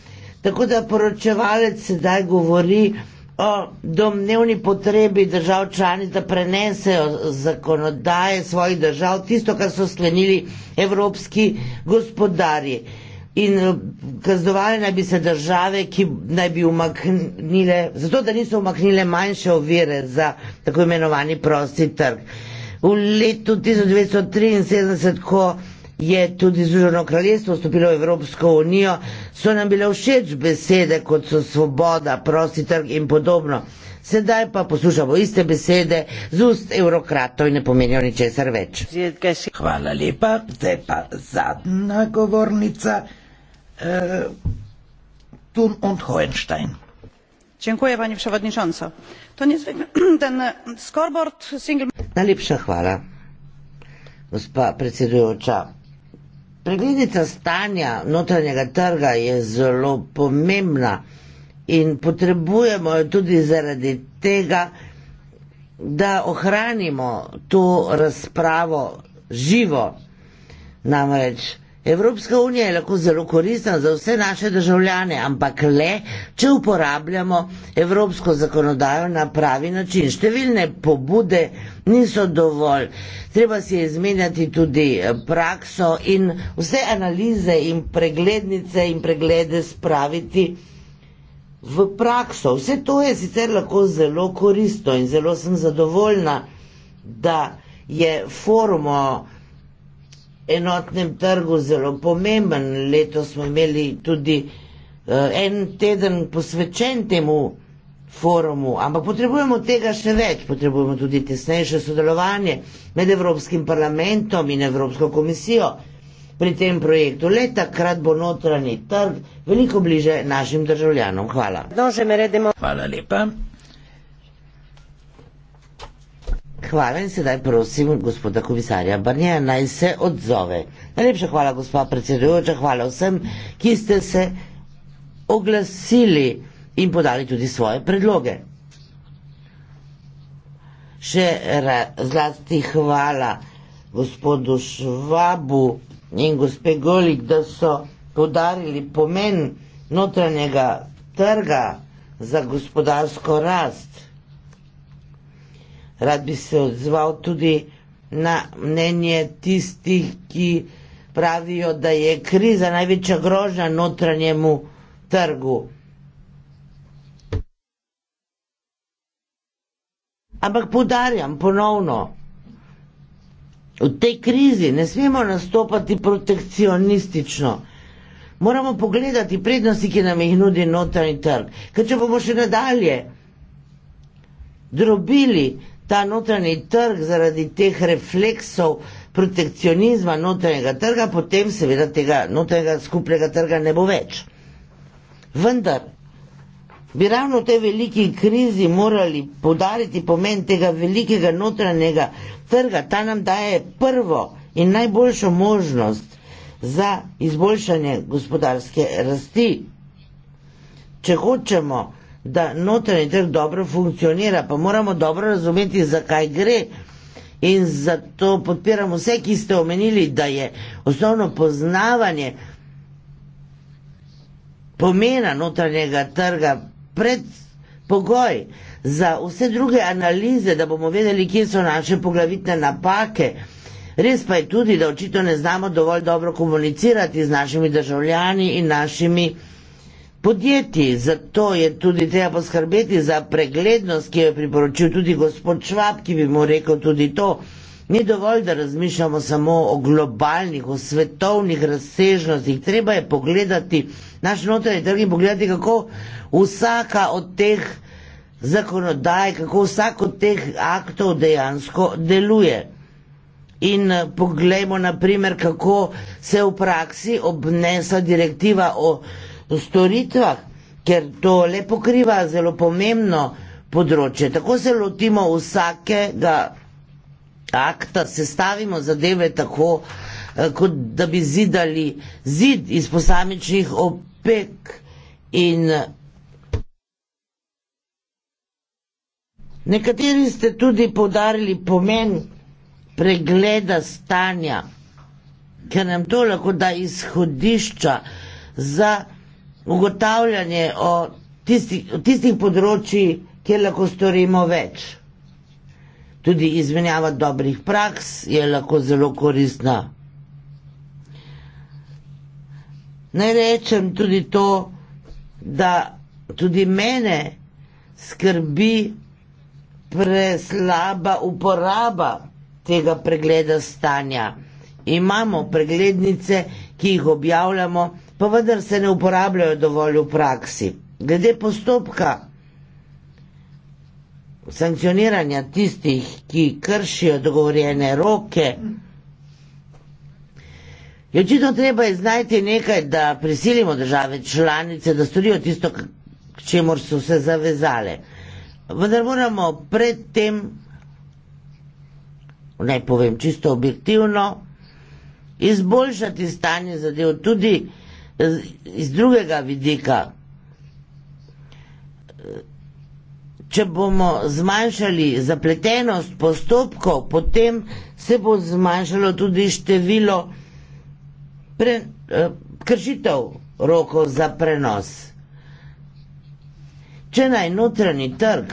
Tako da poročevalec sedaj govori, da o domnevni potrebi držav članic, da prenesejo zakonodaje svojih držav, tisto, kar so sklenili evropski gospodarji. In eh, kaznovali naj bi se države, ki naj bi umaknile, zato da niso umaknile manjše ovire za tako imenovani prosti trg. V letu 1973, ko je tudi Združeno kraljestvo vstopilo v Evropsko unijo, so nam bile všeč besede, kot so svoboda, prosti trg in podobno. Sedaj pa poslušamo iste besede z ust evrokratov in ne pomenijo ničesar več. Hvala lepa, zdaj pa zadnja govornica. Uh, eh, Tun und Hohenstein. Dziękuję Pani Przewodnicząca. To niezwykle (clears throat) ten e, scoreboard single... Najlepsza chwala, Gospa Przewodnicząca. Preglednica stanja notranjega trga je zelo pomembna in potrebujemo jo tudi zaradi tega, da ohranimo to razpravo živo. Namreč, Evropska unija je lahko zelo koristna za vse naše državljane, ampak le, če uporabljamo evropsko zakonodajo na pravi način. Številne pobude niso dovolj. Treba si je izmenjati tudi eh, prakso in vse analize in preglednice in preglede spraviti v prakso. Vse to je sicer lahko zelo koristno in zelo sem zadovoljna, da je forum o enotnem trgu zelo pomemben. Leto smo imeli tudi uh, en teden posvečen temu forumu, ampak potrebujemo tega še več, potrebujemo tudi tesnejše sodelovanje med Evropskim parlamentom in Evropsko komisijo pri tem projektu. Le takrat bo notranji trg veliko bliže našim državljanom. Hvala. No, Hvala lepa. hvala in sedaj prosim gospoda komisarja Barnija naj se odzove. Najlepša hvala, gospa predsedujoča, hvala vsem, ki ste se oglasili in podali tudi svoje predloge. Še zlasti hvala gospodu Švabu in gospe Golik, da so podarili pomen notranjega trga za gospodarsko rast rad bi se odzval tudi na mnenje tistih, ki pravijo, da je kriza največja grožnja notranjemu trgu. Ampak podarjam ponovno, v tej krizi ne smemo nastopati protekcionistično. Moramo pogledati prednosti, ki nam jih nudi notranji trg. Ker če bomo še nadalje drobili ta notranji trg zaradi teh refleksov protekcionizma notranjega trga, potem seveda tega notranjega skupnega trga ne bo več. Vendar bi ravno v tej veliki krizi morali podariti pomen tega velikega notranjega trga. Ta nam daje prvo in najboljšo možnost za izboljšanje gospodarske rasti. Če hočemo, da notranji trg dobro funkcionira, pa moramo dobro razumeti, zakaj gre. In zato podpiram vse, ki ste omenili, da je osnovno poznavanje pomena notranjega trga pred pogoj za vse druge analize, da bomo vedeli, kje so naše poglavitne napake. Res pa je tudi, da očitno ne znamo dovolj dobro komunicirati z našimi državljani in našimi Podjetji, zato je tudi treba poskrbeti za preglednost, ki jo je priporočil tudi gospod Švab, ki bi mu rekel tudi to. Ni dovolj, da razmišljamo samo o globalnih, o svetovnih razsežnostih. Treba je pogledati naš notranji trg in pogledati, kako vsaka od teh zakonodaj, kako vsak od teh aktov dejansko deluje. In eh, poglejmo, naprimer, kako se v praksi obnesa direktiva o v storitvah, ker to le pokriva zelo pomembno področje. Tako se lotimo vsakega akta, sestavimo zadeve tako, eh, kot da bi zidali zid iz posamičnih opek in Nekateri ste tudi podarili pomen pregleda stanja, ker nam to lahko da izhodišča za ugotavljanje o tistih, o tistih področji, kjer lahko storimo več. Tudi izmenjava dobrih praks je lahko zelo koristna. Naj rečem tudi to, da tudi mene skrbi preslaba uporaba tega pregleda stanja. Imamo preglednice, ki jih objavljamo pa vendar se ne uporabljajo dovolj v praksi. Glede postopka sankcioniranja tistih, ki kršijo dogovorjene roke, je očitno treba iznajti nekaj, da prisilimo države članice, da storijo tisto, k čemu so se zavezale. Vendar moramo predtem, naj povem čisto objektivno, izboljšati stanje zadev tudi Eh, iz drugega vidika. Eh, če bomo zmanjšali zapletenost postopkov, potem se bo zmanjšalo tudi število pre, eh, kršitev rokov za prenos. Če naj notranji trg,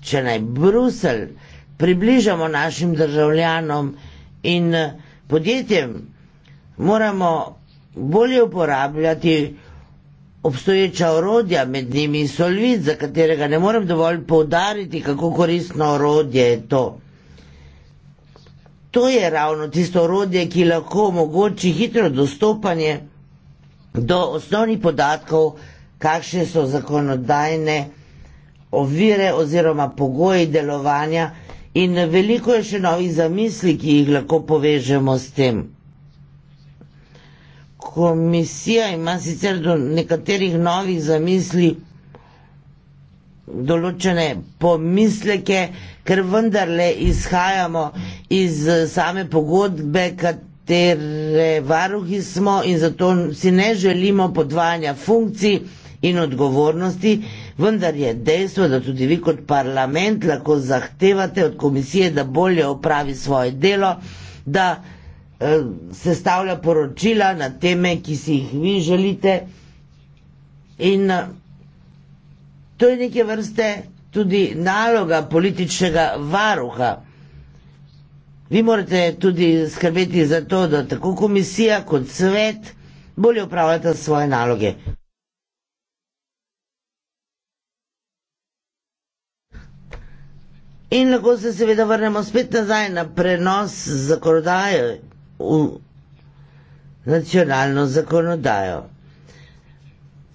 če naj Brusel približamo našim državljanom in podjetjem, moramo bolje uporabljati obstoječa orodja, med njimi solvit, za katerega ne morem dovolj poudariti, kako koristno orodje je to. To je ravno tisto orodje, ki lahko omogoči hitro dostopanje do osnovnih podatkov, kakšne so zakonodajne ovire oziroma pogoji delovanja in veliko je še novih zamisli, ki jih lahko povežemo s tem komisija ima sicer do nekaterih novih zamisli določene pomisleke, ker vendarle izhajamo iz same pogodbe, katere varuhi smo in zato si ne želimo podvajanja funkcij in odgovornosti, vendar je dejstvo, da tudi vi kot parlament lahko zahtevate od komisije, da bolje opravi svoje delo, da Eh, sestavlja poročila na teme, ki si jih vi želite. In eh, to je neke vrste tudi naloga političnega varuha. Vi morate tudi skrbeti za to, da tako komisija kot svet bolje upravljata svoje naloge. In lahko se seveda vrnemo spet nazaj na prenos zakonodaje, v nacionalno zakonodajo.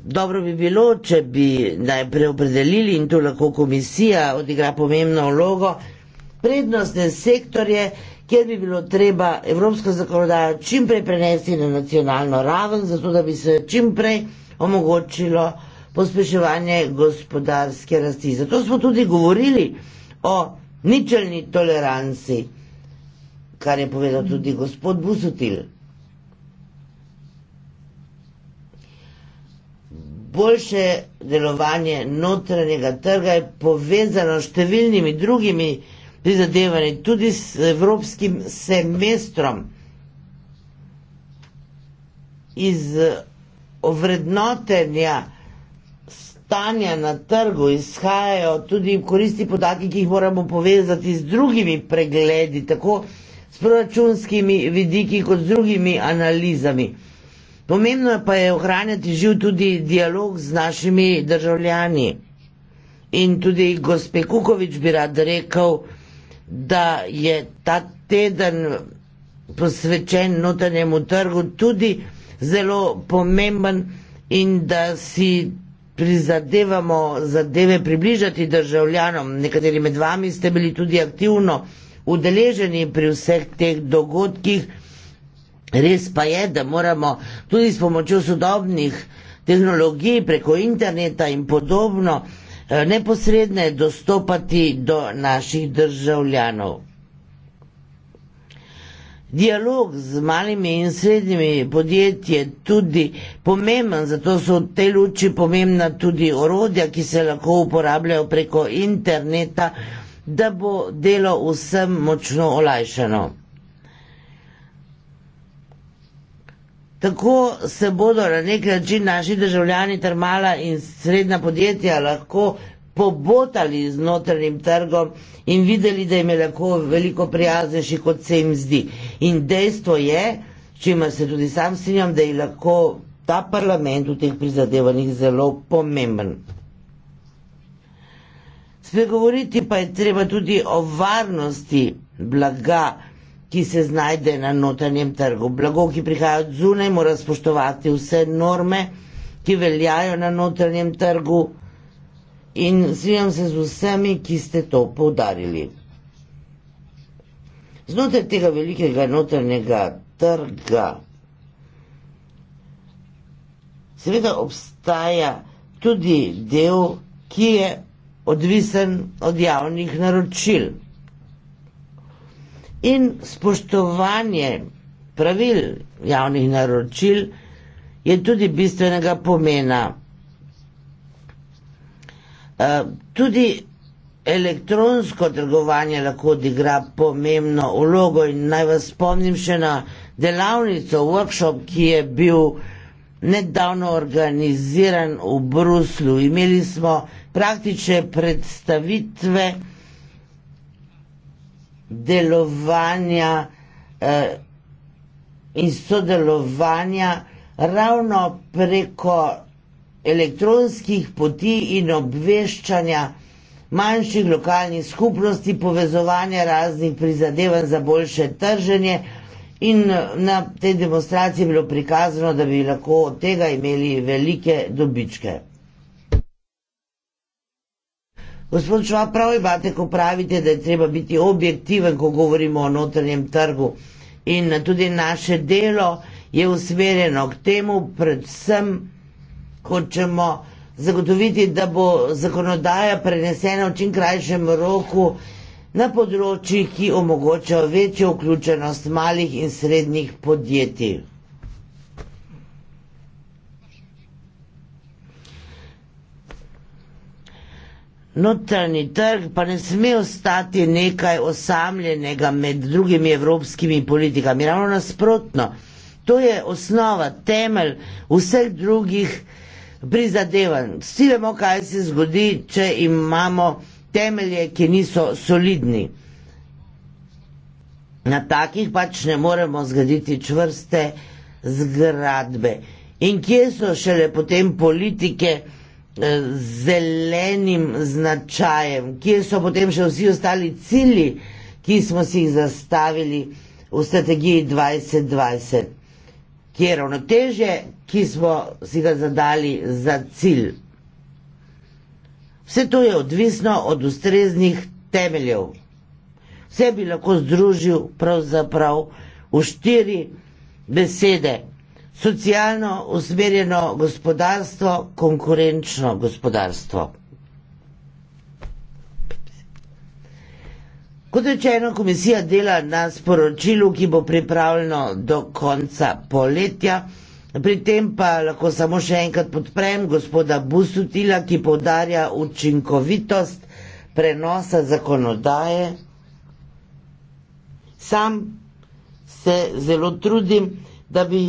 Dobro bi bilo, če bi najprej opredelili in tu lahko komisija odigra pomembno vlogo, prednostne sektorje, kjer bi bilo treba evropsko zakonodajo čimprej prenesti na nacionalno raven, zato da bi se čimprej omogočilo pospeševanje gospodarske rasti. Zato smo tudi govorili o ničelni toleranci kar je povedal tudi mhm. gospod Busutil. Boljše delovanje notranjega trga je povezano s številnimi drugimi prizadevanji, tudi s evropskim semestrom. Iz ovrednotenja stanja na trgu izhajajo tudi koristi podatki, ki jih moramo povezati z drugimi pregledi, tako s proračunskimi vidiki kot z drugimi analizami. Pomembno pa je ohranjati živ tudi dialog z našimi državljani. In tudi gospe Kukovič bi rad rekel, da je ta teden posvečen notranjemu trgu tudi zelo pomemben in da si prizadevamo zadeve približati državljanom. Nekateri med vami ste bili tudi aktivno udeleženi pri vseh teh dogodkih. Res pa je, da moramo tudi s pomočjo sodobnih tehnologij preko interneta in podobno eh, neposredne dostopati do naših državljanov. Dialog z malimi in srednjimi podjetji je tudi pomemben, zato so v tej luči pomembna tudi orodja, ki se lahko uporabljajo preko interneta, da bo delo vsem močno olajšano. Tako se bodo na nek način naši državljani ter mala in srednja podjetja lahko pobotali z notrnim trgom in videli, da jim je lahko veliko prijaznejši, kot se jim zdi. In dejstvo je, čima se tudi sam strinjam, da je lahko ta parlament v teh prizadevanjih zelo pomemben. Spregovoriti pa je treba tudi o varnosti blaga, ki se znajde na notranjem trgu. Blago, ki prihaja od zunaj, mora spoštovati vse norme, ki veljajo na notranjem trgu in svijam se z vsemi, ki ste to poudarili. Znotraj tega velikega notranjega trga seveda obstaja tudi del, ki je odvisen od javnih naročil. In spoštovanje pravil javnih naročil je tudi bistvenega pomena. Eh, tudi elektronsko trgovanje lahko odigra pomembno ulogo in naj vas spomnim še na delavnico, workshop, ki je bil nedavno organiziran v Bruslu. Imeli smo praktične predstavitve delovanja eh, in sodelovanja ravno preko elektronskih poti in obveščanja manjših lokalnih skupnosti, povezovanja raznih prizadevanj za boljše trženje. In eh, na tej demonstraciji je bilo prikazano, da bi lahko od tega imeli velike dobičke. Gospod Šva, prav imate, ko pravite, da je treba biti objektiven, ko govorimo o notranjem trgu. In tudi naše delo je usmerjeno k temu, predvsem hočemo zagotoviti, da bo zakonodaja prenesena v čim krajšem roku na področjih, ki omogočajo večjo vključenost malih in srednjih podjetij. Notranji trg pa ne sme ostati nekaj osamljenega med drugimi evropskimi politikami, ravno nasprotno. To je osnova, temelj vseh drugih prizadevanj. Vsi vemo, kaj se zgodi, če imamo temelje, ki niso solidni. Na takih pač ne moremo zgraditi čvrste zgradbe. In kje so šele potem politike? Eh, zelenim značajem, kje so potem še vsi ostali cilji, ki smo si jih zastavili v strategiji 2020, kje je ravnotežje, ki smo si ga zadali za cilj. Vse to je odvisno od ustreznih temeljev. Vse bi lahko združil pravzaprav v štiri besede socijalno usmerjeno gospodarstvo, konkurenčno gospodarstvo. Kot rečeno, komisija dela na sporočilu, ki bo pripravljeno do konca poletja. Pri tem pa lahko samo še enkrat podprem gospoda Busutila, ki podarja učinkovitost prenosa zakonodaje. Sam se zelo trudim, da bi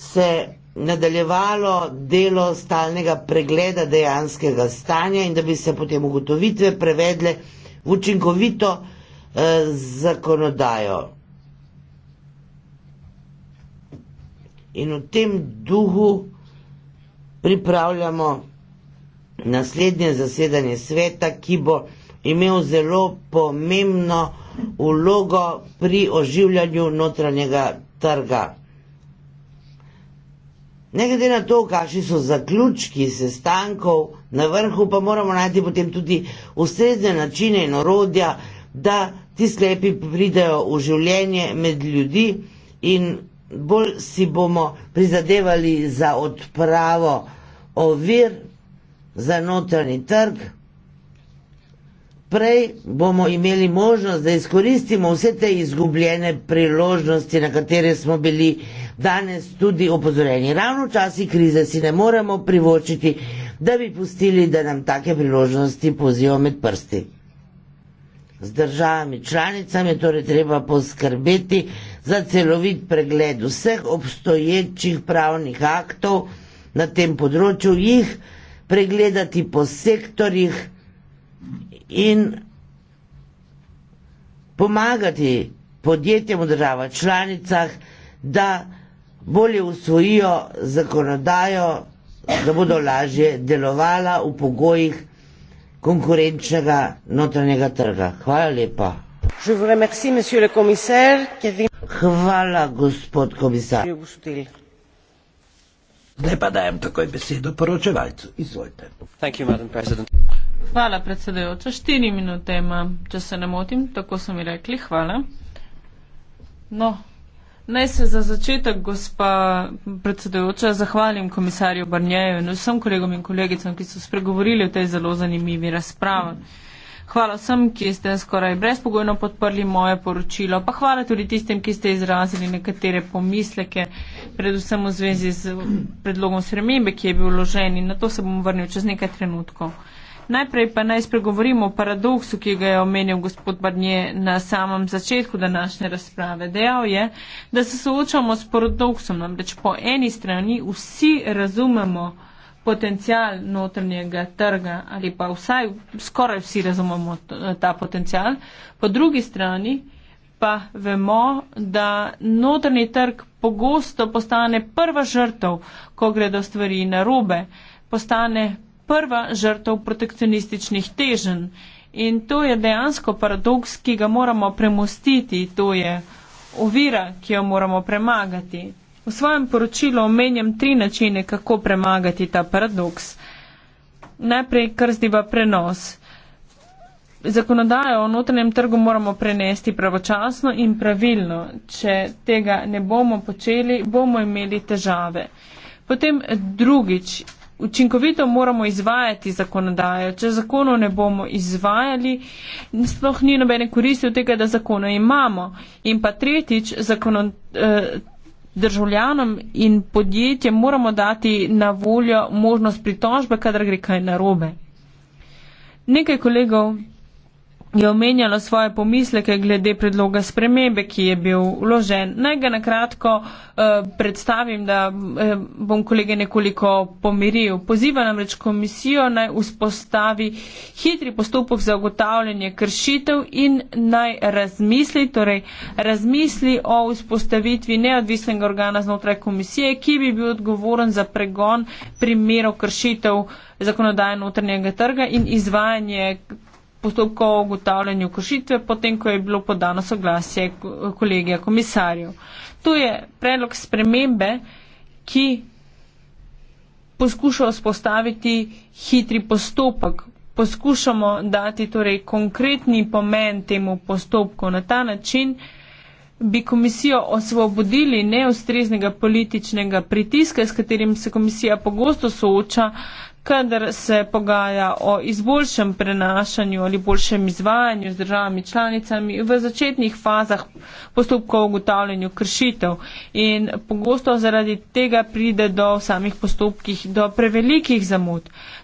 se nadaljevalo delo stalnega pregleda dejanskega stanja in da bi se potem ugotovitve prevedle v učinkovito eh, zakonodajo. In v tem duhu pripravljamo naslednje zasedanje sveta, ki bo imel zelo pomembno vlogo pri oživljanju notranjega trga. Ne glede na to, kakšni so zaključki sestankov na vrhu, pa moramo najti potem tudi ustrezne načine in orodja, da ti sklepi pridajo v življenje med ljudi in bolj si bomo prizadevali za odpravo ovir za notranji trg. Prej bomo imeli možnost, da izkoristimo vse te izgubljene priložnosti, na katere smo bili danes tudi opozorjeni. Ravno v časi krize si ne moremo privočiti, da bi pustili, da nam take priložnosti pozijo med prsti. Z državami članicami torej treba poskrbeti za celovit pregled vseh obstoječih pravnih aktov na tem področju, jih pregledati po sektorjih in pomagati podjetjem v državah članicah, da bolje usvojijo zakonodajo, da bodo lažje delovala v pogojih konkurenčnega notranjega trga. Hvala lepa. Hvala, gospod komisar. Zdaj pa dajem takoj besedo poročevalcu. Izvolite. You, hvala, predsedujoča. Štiri minute imam, če se ne motim, tako so mi rekli. Hvala. No, Naj se za začetek, gospa predsedujoča, zahvalim komisarju Barnjeju in vsem kolegom in kolegicam, ki so spregovorili o tej zelo zanimivi razpravi. Hvala vsem, ki ste skoraj brezpogojno podprli moje poročilo, pa hvala tudi tistim, ki ste izrazili nekatere pomisleke, predvsem v zvezi z predlogom spremembe, ki je bil vložen in na to se bom vrnil čez nekaj trenutkov. Najprej pa naj spregovorimo o paradoksu, ki ga je omenil gospod Barnje na samem začetku današnje razprave. Dejal je, da se soočamo s paradoksom, namreč po eni strani vsi razumemo potencial notrnjega trga ali pa vsaj skoraj vsi razumemo ta potencial, po drugi strani pa vemo, da notrni trg pogosto postane prva žrtev, ko gredo stvari na robe, postane prva žrtev protekcionističnih teženj. In to je dejansko paradoks, ki ga moramo premostiti, to je ovira, ki jo moramo premagati. V svojem poročilu omenjam tri načine, kako premagati ta paradoks. Najprej krzdiva prenos. Zakonodajo o notranjem trgu moramo prenesti pravočasno in pravilno. Če tega ne bomo počeli, bomo imeli težave. Potem drugič učinkovito moramo izvajati zakonodajo. Če zakonov ne bomo izvajali, sploh ni nobene koristi od tega, da zakono imamo. In pa tretjič, zakonod, eh, državljanom in podjetjem moramo dati na voljo možnost pritožbe, kadar gre kaj narobe. Nekaj kolegov je omenjala svoje pomisleke glede predloga spremembe, ki je bil vložen. Naj ga nakratko eh, predstavim, da eh, bom kolege nekoliko pomiril. Poziva namreč komisijo naj vzpostavi hitri postopek za ugotavljanje kršitev in naj razmisli, torej razmisli o vzpostavitvi neodvisnega organa znotraj komisije, ki bi bil odgovoren za pregon primerov kršitev zakonodaje notrnjega trga in izvajanje postopkov o ugotavljanju kršitve, potem ko je bilo podano soglasje kolegija komisarjev. To je predlog spremembe, ki poskuša vzpostaviti hitri postopek. Poskušamo dati torej konkretni pomen temu postopku. Na ta način bi komisijo osvobodili neustreznega političnega pritiska, s katerim se komisija pogosto sooča, kadar se pogaja o izboljšem prenašanju ali boljšem izvajanju z državami članicami v začetnih fazah postopkov ugotavljanju kršitev in pogosto zaradi tega pride do samih postopkih do prevelikih zamud.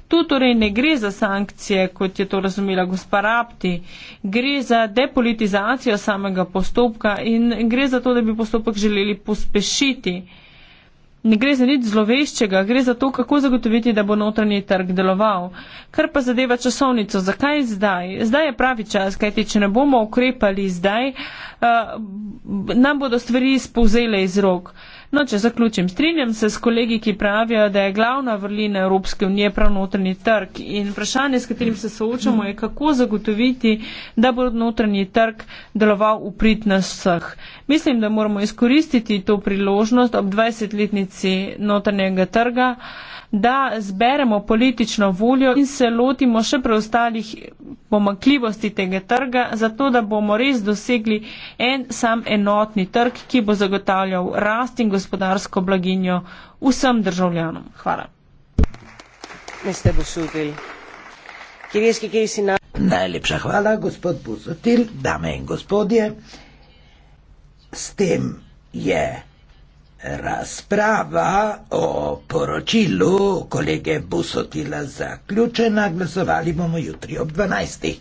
Tu torej ne gre za sankcije, kot je to razumela gospa Rapti, gre za depolitizacijo samega postopka in gre za to, da bi postopek želeli pospešiti ne gre za nič zloveščega, gre za to, kako zagotoviti, da bo notranji trg deloval. Kar pa zadeva časovnico, zakaj zdaj? Zdaj je pravi čas, kajti če ne bomo ukrepali zdaj, uh, nam bodo stvari spouzele iz rok. Uh, No, če zaključim, strinjam se s kolegi, ki pravijo, da je glavna vrlina Evropske unije prav notrni trg in vprašanje, s katerim se soočamo, je kako zagotoviti, da bo notrni trg deloval v prid nas vseh. Mislim, da moramo izkoristiti to priložnost ob 20-letnici notrnjega trga da zberemo politično voljo in se lotimo še preostalih pomakljivosti tega trga, zato da bomo res dosegli en sam enotni trg, ki bo zagotavljal rast in gospodarsko blaginjo vsem državljanom. Hvala. Najlepša hvala, gospod Buzotil, dame in gospodje. S tem je. Yeah. Razprava o poročilu kolege Busotila zaključena, glasovali bomo jutri ob 12.